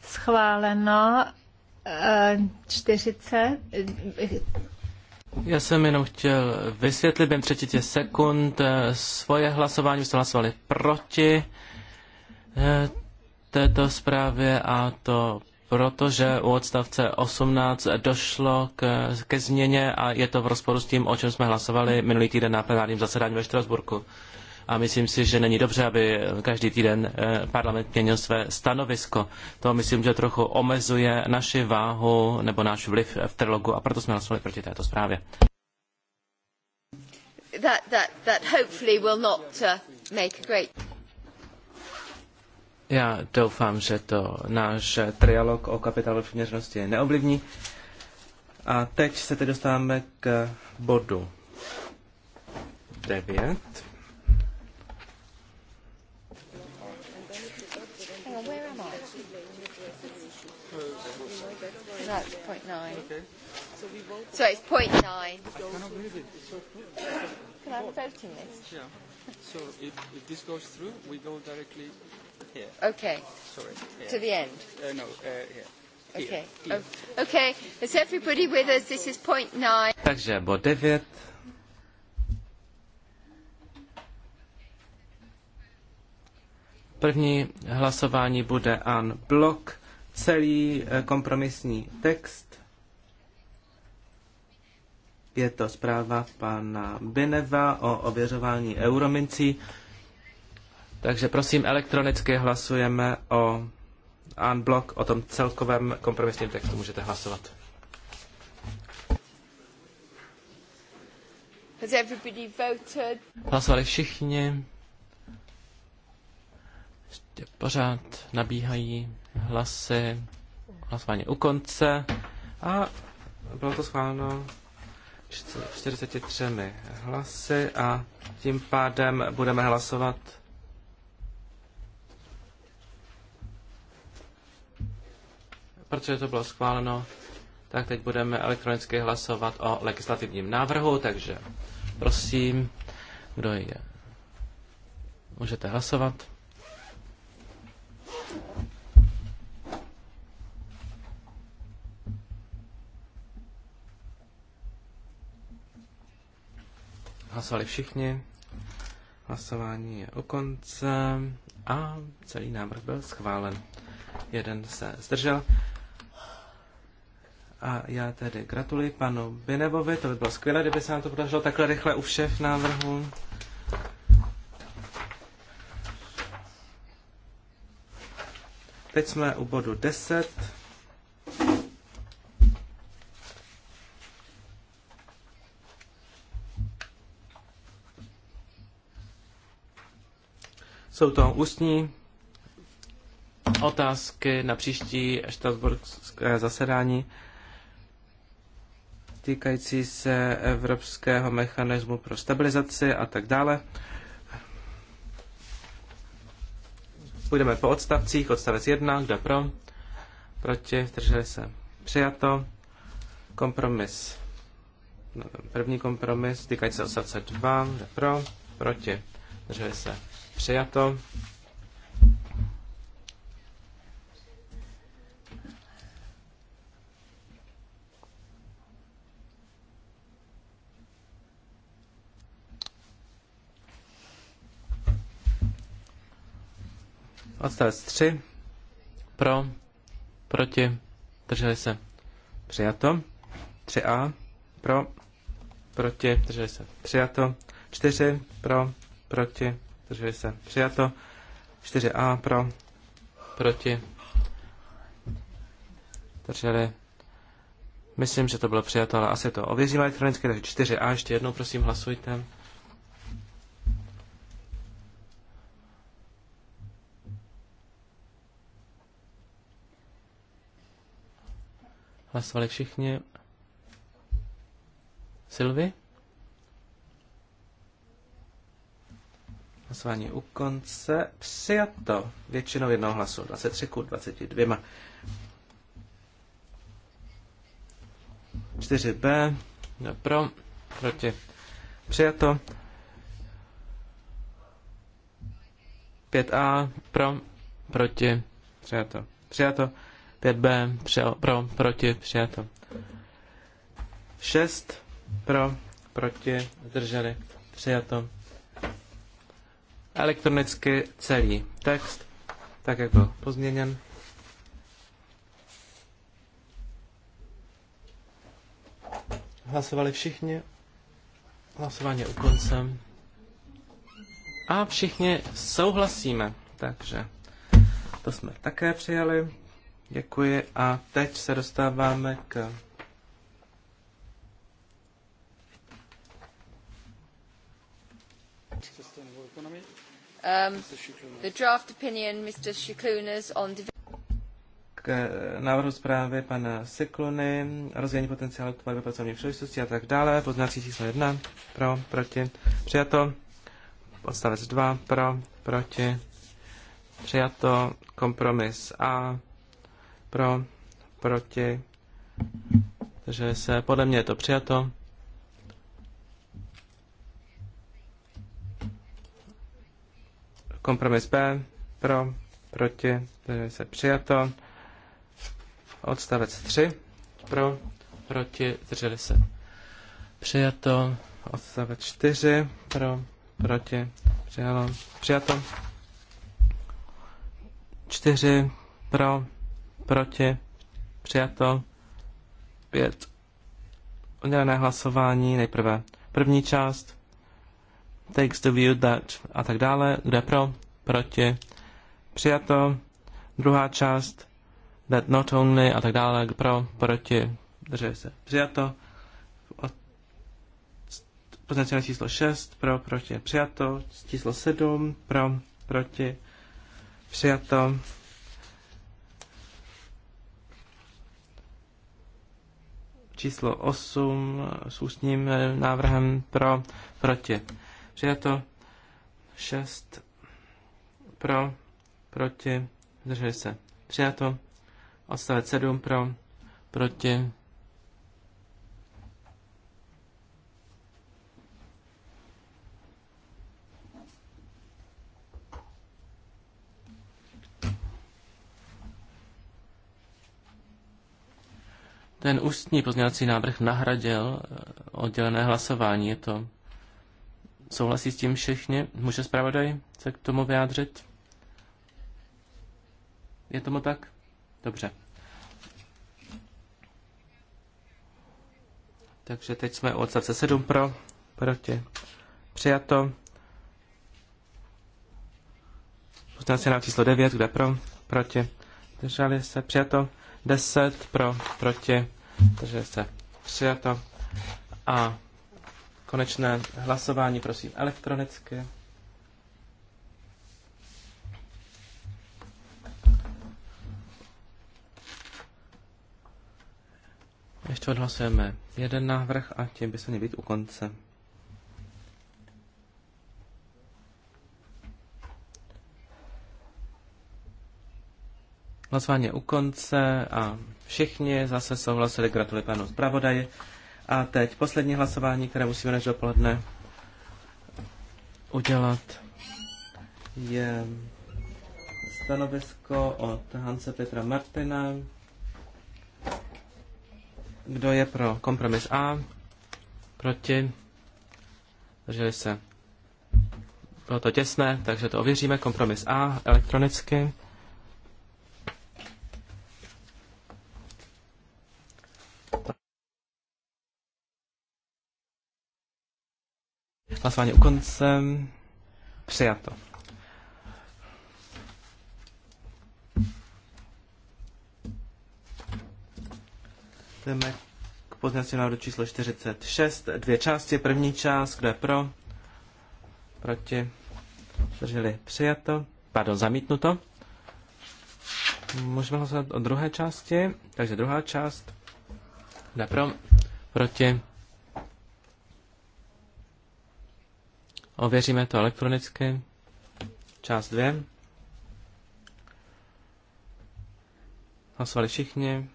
Schváleno 40. Eh, Já jsem jenom chtěl vysvětlit během 30 sekund eh, svoje hlasování. jste hlasovali proti eh, této zprávě a to proto, že u odstavce 18 došlo k, ke změně a je to v rozporu s tím, o čem jsme hlasovali minulý týden na plenárním zasedání ve Štrasburku a myslím si, že není dobře, aby každý týden eh, parlament měnil své stanovisko. To myslím, že trochu omezuje naši váhu nebo náš vliv v trilogu a proto jsme hlasovali proti této zprávě. That, that, that hopefully will not uh, make a great... Já doufám, že to náš trialog o kapitálové přiměřenosti neovlivní. A teď se teď dostáváme k bodu 9. that's point nine. Okay. So, we vote so it's point nine. I cannot believe it. It's so close. Can I have a voting list? Yeah. So if, if this goes through, we go directly here. Okay. Sorry. Here. To the end. Uh, no, uh, here. Okay. Oh, okay. Is everybody with us? This is point nine. Takže bod devět. První hlasování bude an blok celý eh, kompromisní text. Je to zpráva pana Bineva o ověřování euromincí. Takže prosím, elektronicky hlasujeme o unblock, o tom celkovém kompromisním textu můžete hlasovat. Hlasovali všichni. Prostě pořád nabíhají hlasy, hlasování u konce a bylo to schváleno 43 hlasy a tím pádem budeme hlasovat protože to bylo schváleno, tak teď budeme elektronicky hlasovat o legislativním návrhu, takže prosím, kdo je. Můžete hlasovat. Hlasovali všichni. Hlasování je u konce a celý návrh byl schválen. Jeden se zdržel. A já tedy gratuluji panu Binevovi, to by bylo skvělé, kdyby se nám to podařilo takhle rychle u všech návrhů. Teď jsme u bodu 10. Jsou to ústní otázky na příští štrasburské zasedání týkající se evropského mechanismu pro stabilizaci a tak dále. Půjdeme po odstavcích. Odstavec 1, kdo pro? Proti, drželi se. Přijato. Kompromis. No, první kompromis týkající se odstavce 2, kdo pro? Proti, drželi se Přijato. Odstavec 3. Pro, proti, drželi se. Přijato. 3A. Pro, proti, drželi se. Přijato. 4. Pro, proti, zdrželi se, přijato. 4A pro, proti, zdrželi. Myslím, že to bylo přijato, ale asi to ověříme elektronicky, takže 4A, ještě jednou prosím hlasujte. Hlasovali všichni. Sylvie? Hlasování u konce. Přijato většinou jednoho hlasu. 23 k 22. 4b. Pro. Proti. Přijato. 5a. Pro. Proti. Přijato. Přijato. 5b. Přijal, pro. Proti. Přijato. 6. Pro. Proti. Zdrželi. Přijato elektronicky celý text, tak jak byl pozměněn. Hlasovali všichni. Hlasování u konce. A všichni souhlasíme, takže to jsme také přijali. Děkuji a teď se dostáváme k Um, the draft opinion, Mr. Shiklunas, on k návrhu zprávy pana Siklony, rozvíjení potenciálu k tvorbě pracovní příležitosti a tak dále, poznací číslo 1, pro, proti, přijato, odstavec 2, pro, proti, přijato, kompromis A, pro, proti, takže se podle mě je to přijato. Kompromis B pro, proti, zdrželi se přijato. Odstavec 3 pro, proti, zdrželi se přijato. Odstavec 4 pro, proti, přijalo, přijato. 4 pro, proti, přijato. 5 udělené hlasování nejprve. První část takes the view that a tak dále, kde pro, proti, přijato, druhá část, that not only a tak dále, pro, proti, drží se, přijato, potenciál číslo 6, pro, proti, přijato, číslo 7, pro, proti, přijato, číslo 8 s ústním eh, návrhem pro, proti přijato, 6 pro, proti, zdrželi se, přijato, odstavec 7 pro, proti, Ten ústní pozměňovací návrh nahradil eh, oddělené hlasování. Je to Souhlasí s tím všichni? Může zpravodaj se k tomu vyjádřit? Je tomu tak? Dobře. Takže teď jsme u odstavce 7 pro, proti, přijato. se na číslo 9, kde pro, proti, drželi se, přijato. 10 pro, proti, drželi se, přijato. A Konečné hlasování, prosím, elektronicky. Ještě odhlasujeme jeden návrh a tím by se měl být u konce. Hlasování je u konce a všichni zase souhlasili. Gratuluji panu zpravodaji. A teď poslední hlasování, které musíme než dopoledne udělat, je stanovisko od Hanse Petra Martina. Kdo je pro kompromis A? Proti? Drželi se. Bylo to těsné, takže to ověříme. Kompromis A elektronicky. Hlasování u konce. Přijato. Jdeme k pozměňovacímu návrhu číslo 46. Dvě části. První část, kdo je pro? Proti? Drželi přijato. Pardon, zamítnuto. Můžeme hlasovat o druhé části. Takže druhá část. Kdo je pro? Proti? Ověříme to elektronicky. Část dvě. Hlasovali všichni.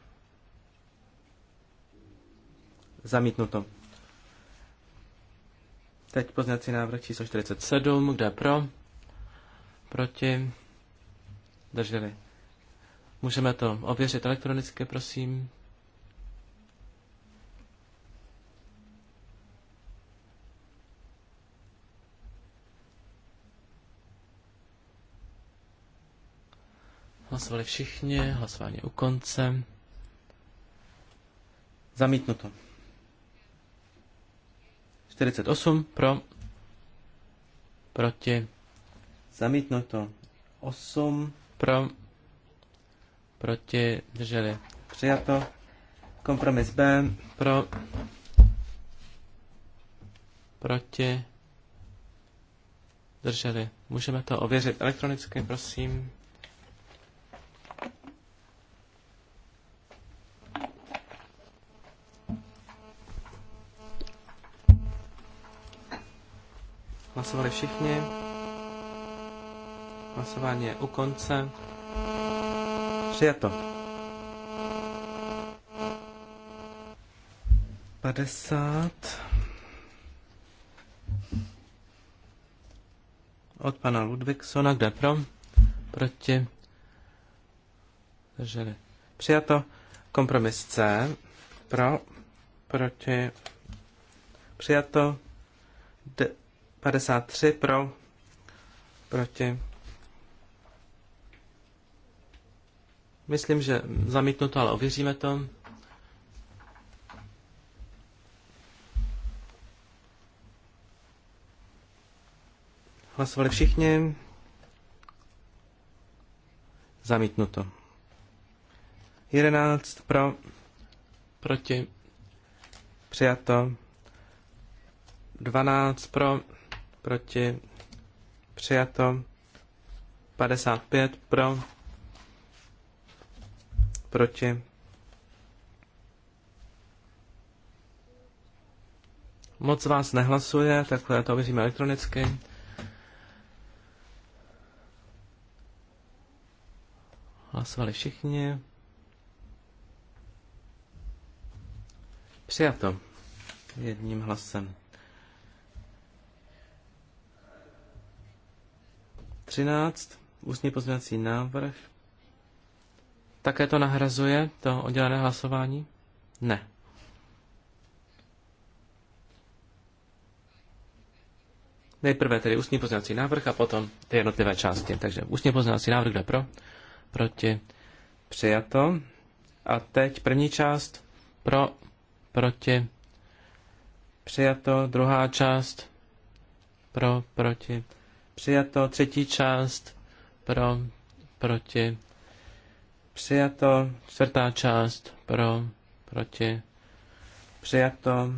Zamítnuto. Teď poznací návrh číslo 47. Kdo je pro? Proti? Drželi. Můžeme to ověřit elektronicky, prosím. Hlasovali všichni, hlasování u konce. Zamítnuto. 48 pro, proti, zamítnuto. 8 pro, proti, drželi. Přijato. Kompromis B pro, proti, drželi. Můžeme to ověřit elektronicky, prosím. Hlasovali všichni. Hlasování je u konce. Přijato. 50. Od pana Ludvíksona, kde pro? Proti. Takže Přijato. Kompromis C. Pro. Proti. Přijato. De 53 pro, proti. Myslím, že zamítnu to, ale ověříme to. Hlasovali všichni. Zamítnuto. 11 pro, proti, přijato. 12 pro, proti, přijato, 55 pro, proti, moc vás nehlasuje, takhle to ověříme elektronicky. Hlasovali všichni. Přijato. Jedním hlasem. 13, ústní pozměňovací návrh. Také to nahrazuje, to oddělené hlasování? Ne. Nejprve tedy ústní pozměňovací návrh a potom ty jednotlivé části. Takže ústní pozměňovací návrh, kde pro? Proti. Přijato. A teď první část. Pro. Proti. Přijato. Druhá část. Pro. Proti přijato, třetí část pro, proti, přijato, čtvrtá část pro, proti, přijato.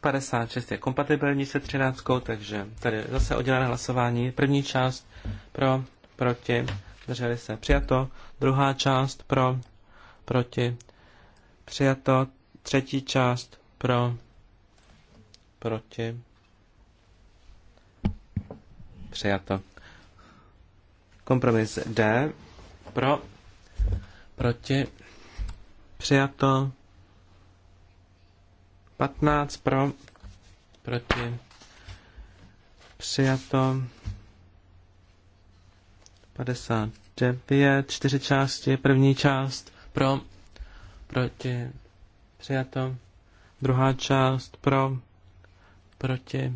Padesát šest je kompatibilní se třináctkou, takže tady zase oddělené hlasování. První část pro, proti, drželi se přijato. Druhá část pro, proti, Přijato třetí část pro, proti. Přijato. Kompromis D pro, proti. Přijato. 15 pro, proti. Přijato. 59, čtyři části, první část pro proti, přijato. Druhá část pro, proti.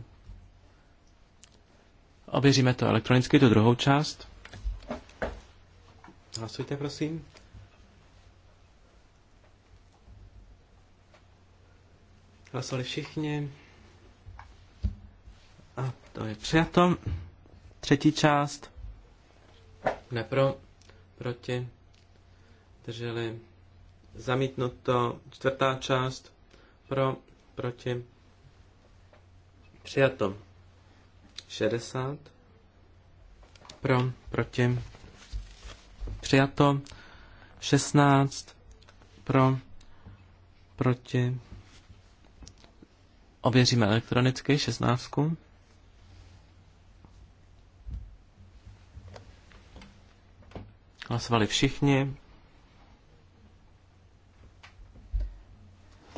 Ověříme to elektronicky, tu druhou část. Hlasujte, prosím. Hlasovali všichni. A to je přijato. Třetí část. Nepro, proti. Drželi Zamítnuto čtvrtá část pro, proti. Přijato 60 pro, proti. Přijato 16 pro, proti. Ověříme elektronicky 16. Hlasovali všichni.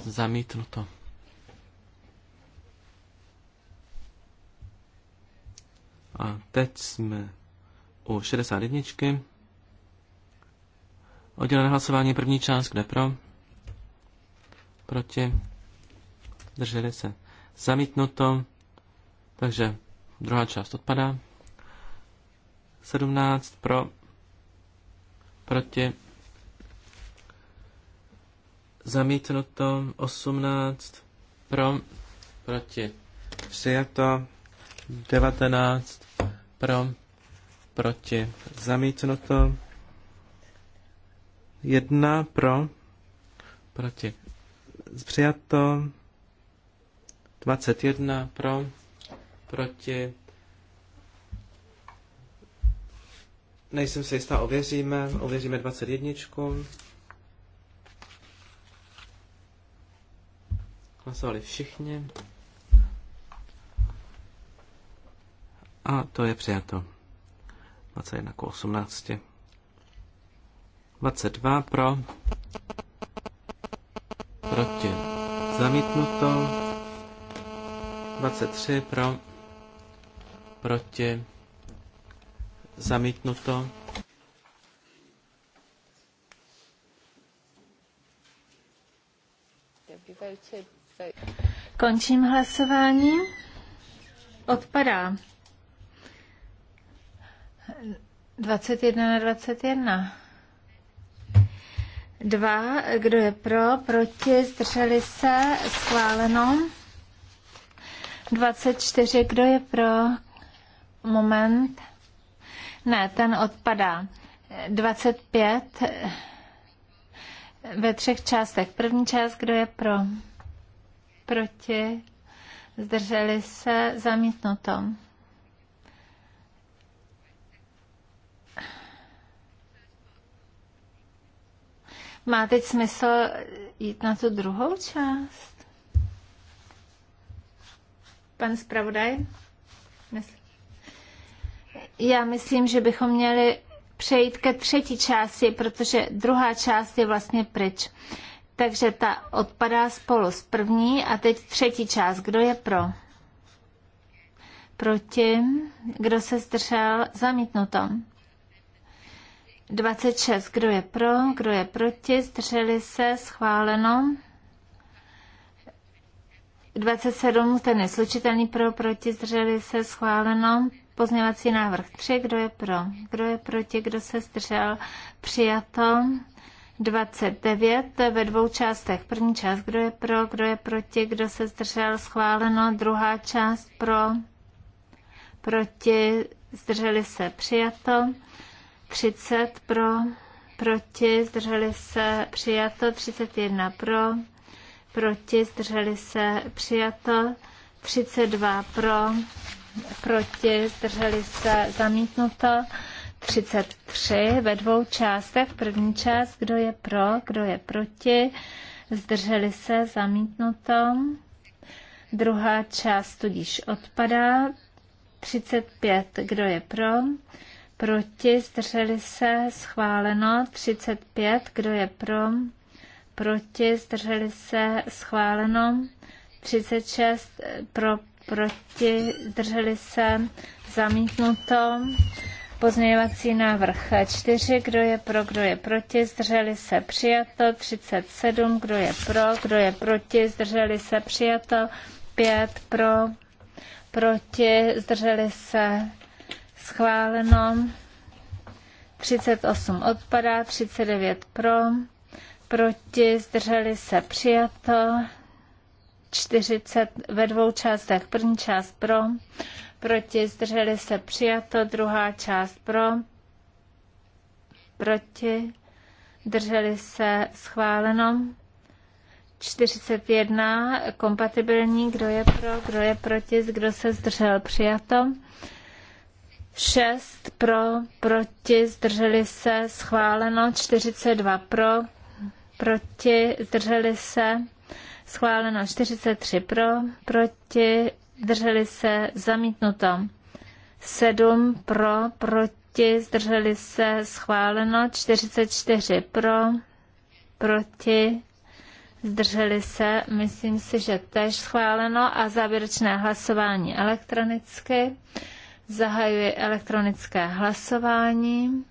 Zamítnuto. A teď jsme u 61. Oddělené hlasování první část, kde pro? Proti? Drželi se. Zamítnuto. Takže druhá část odpadá. 17 pro. Proti? Zamítnuto 18 pro, proti. Přijato 19 pro, proti. Zamítnuto 1 pro, proti. Přijato 21 pro, proti. Nejsem si jistá, ověříme. Ověříme 21. Hlasovali všichni. A to je přijato. 21 k 18. 22 pro. Proti. Zamítnuto. 23 pro. Proti. Zamítnuto. Dobrý večer. Končím hlasování. Odpadá. 21 na 21. Dva, Kdo je pro? Proti? Zdrželi se? Schváleno. 24. Kdo je pro? Moment. Ne, ten odpadá. 25 ve třech částech. První část, kdo je pro? proti, zdrželi se, zamítnuto. Má teď smysl jít na tu druhou část? Pan zpravodaj? Já myslím, že bychom měli přejít ke třetí části, protože druhá část je vlastně pryč. Takže ta odpadá spolu s první a teď třetí část. Kdo je pro? Proti? Kdo se zdržel? Zamítnuto. 26. Kdo je pro? Kdo je proti? Zdrželi se? Schváleno. 27. Ten je slučitelný pro, proti? Zdrželi se? Schváleno. Pozměvací návrh 3. Kdo je pro? Kdo je proti? Kdo se zdržel? Přijato. 29 ve dvou částech. První část, kdo je pro, kdo je proti, kdo se zdržel, schváleno. Druhá část pro, proti, zdrželi se, přijato. 30 pro, proti, zdrželi se, přijato. 31 pro, proti, zdrželi se, přijato. 32 pro, proti, zdrželi se, zamítnuto. 33 ve dvou částech. První část, kdo je pro, kdo je proti, zdrželi se, zamítnuto. Druhá část tudíž odpadá. 35, kdo je pro, proti, zdrželi se, schváleno. 35, kdo je pro, proti, zdrželi se, schváleno. 36, pro, proti, zdrželi se, zamítnuto. Pozměňovací návrh 4, kdo je pro, kdo je proti, zdrželi se přijato. 37, kdo je pro, kdo je proti, zdrželi se přijato. 5 pro, proti, zdrželi se schváleno. 38 odpadá, 39 pro, proti, zdrželi se přijato. 40 ve dvou částech, první část pro, proti, zdrželi se přijato, druhá část pro, proti, drželi se schváleno. 41 kompatibilní, kdo je pro, kdo je proti, kdo se zdržel přijato. 6 pro, proti, zdrželi se, schváleno, 42 pro, proti, zdrželi se, schváleno, 43 pro, proti, zdrželi se, zamítnuto. 7 pro, proti, zdrželi se, schváleno. 44 pro, proti, zdrželi se, myslím si, že tež schváleno. A závěrečné hlasování elektronicky. Zahajuji elektronické hlasování.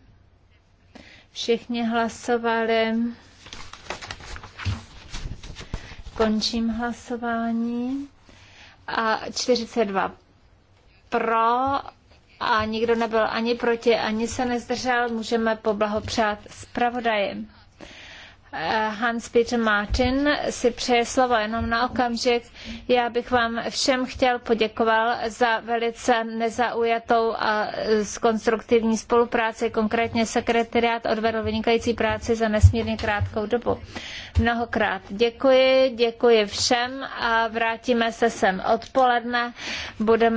Všichni hlasovali. Končím hlasování a 42 pro a nikdo nebyl ani proti, ani se nezdržel. Můžeme poblahopřát zpravodaji. Eh, Hans-Peter Martin si přeje slovo jenom na okamžik. Já bych vám všem chtěl poděkoval za velice nezaujatou a eh, konstruktivní spolupráci. Konkrétně sekretariát odvedl vynikající práci za nesmírně krátkou dobu. Mnohokrát děkuji, děkuji všem a vrátíme se sem odpoledne. Budeme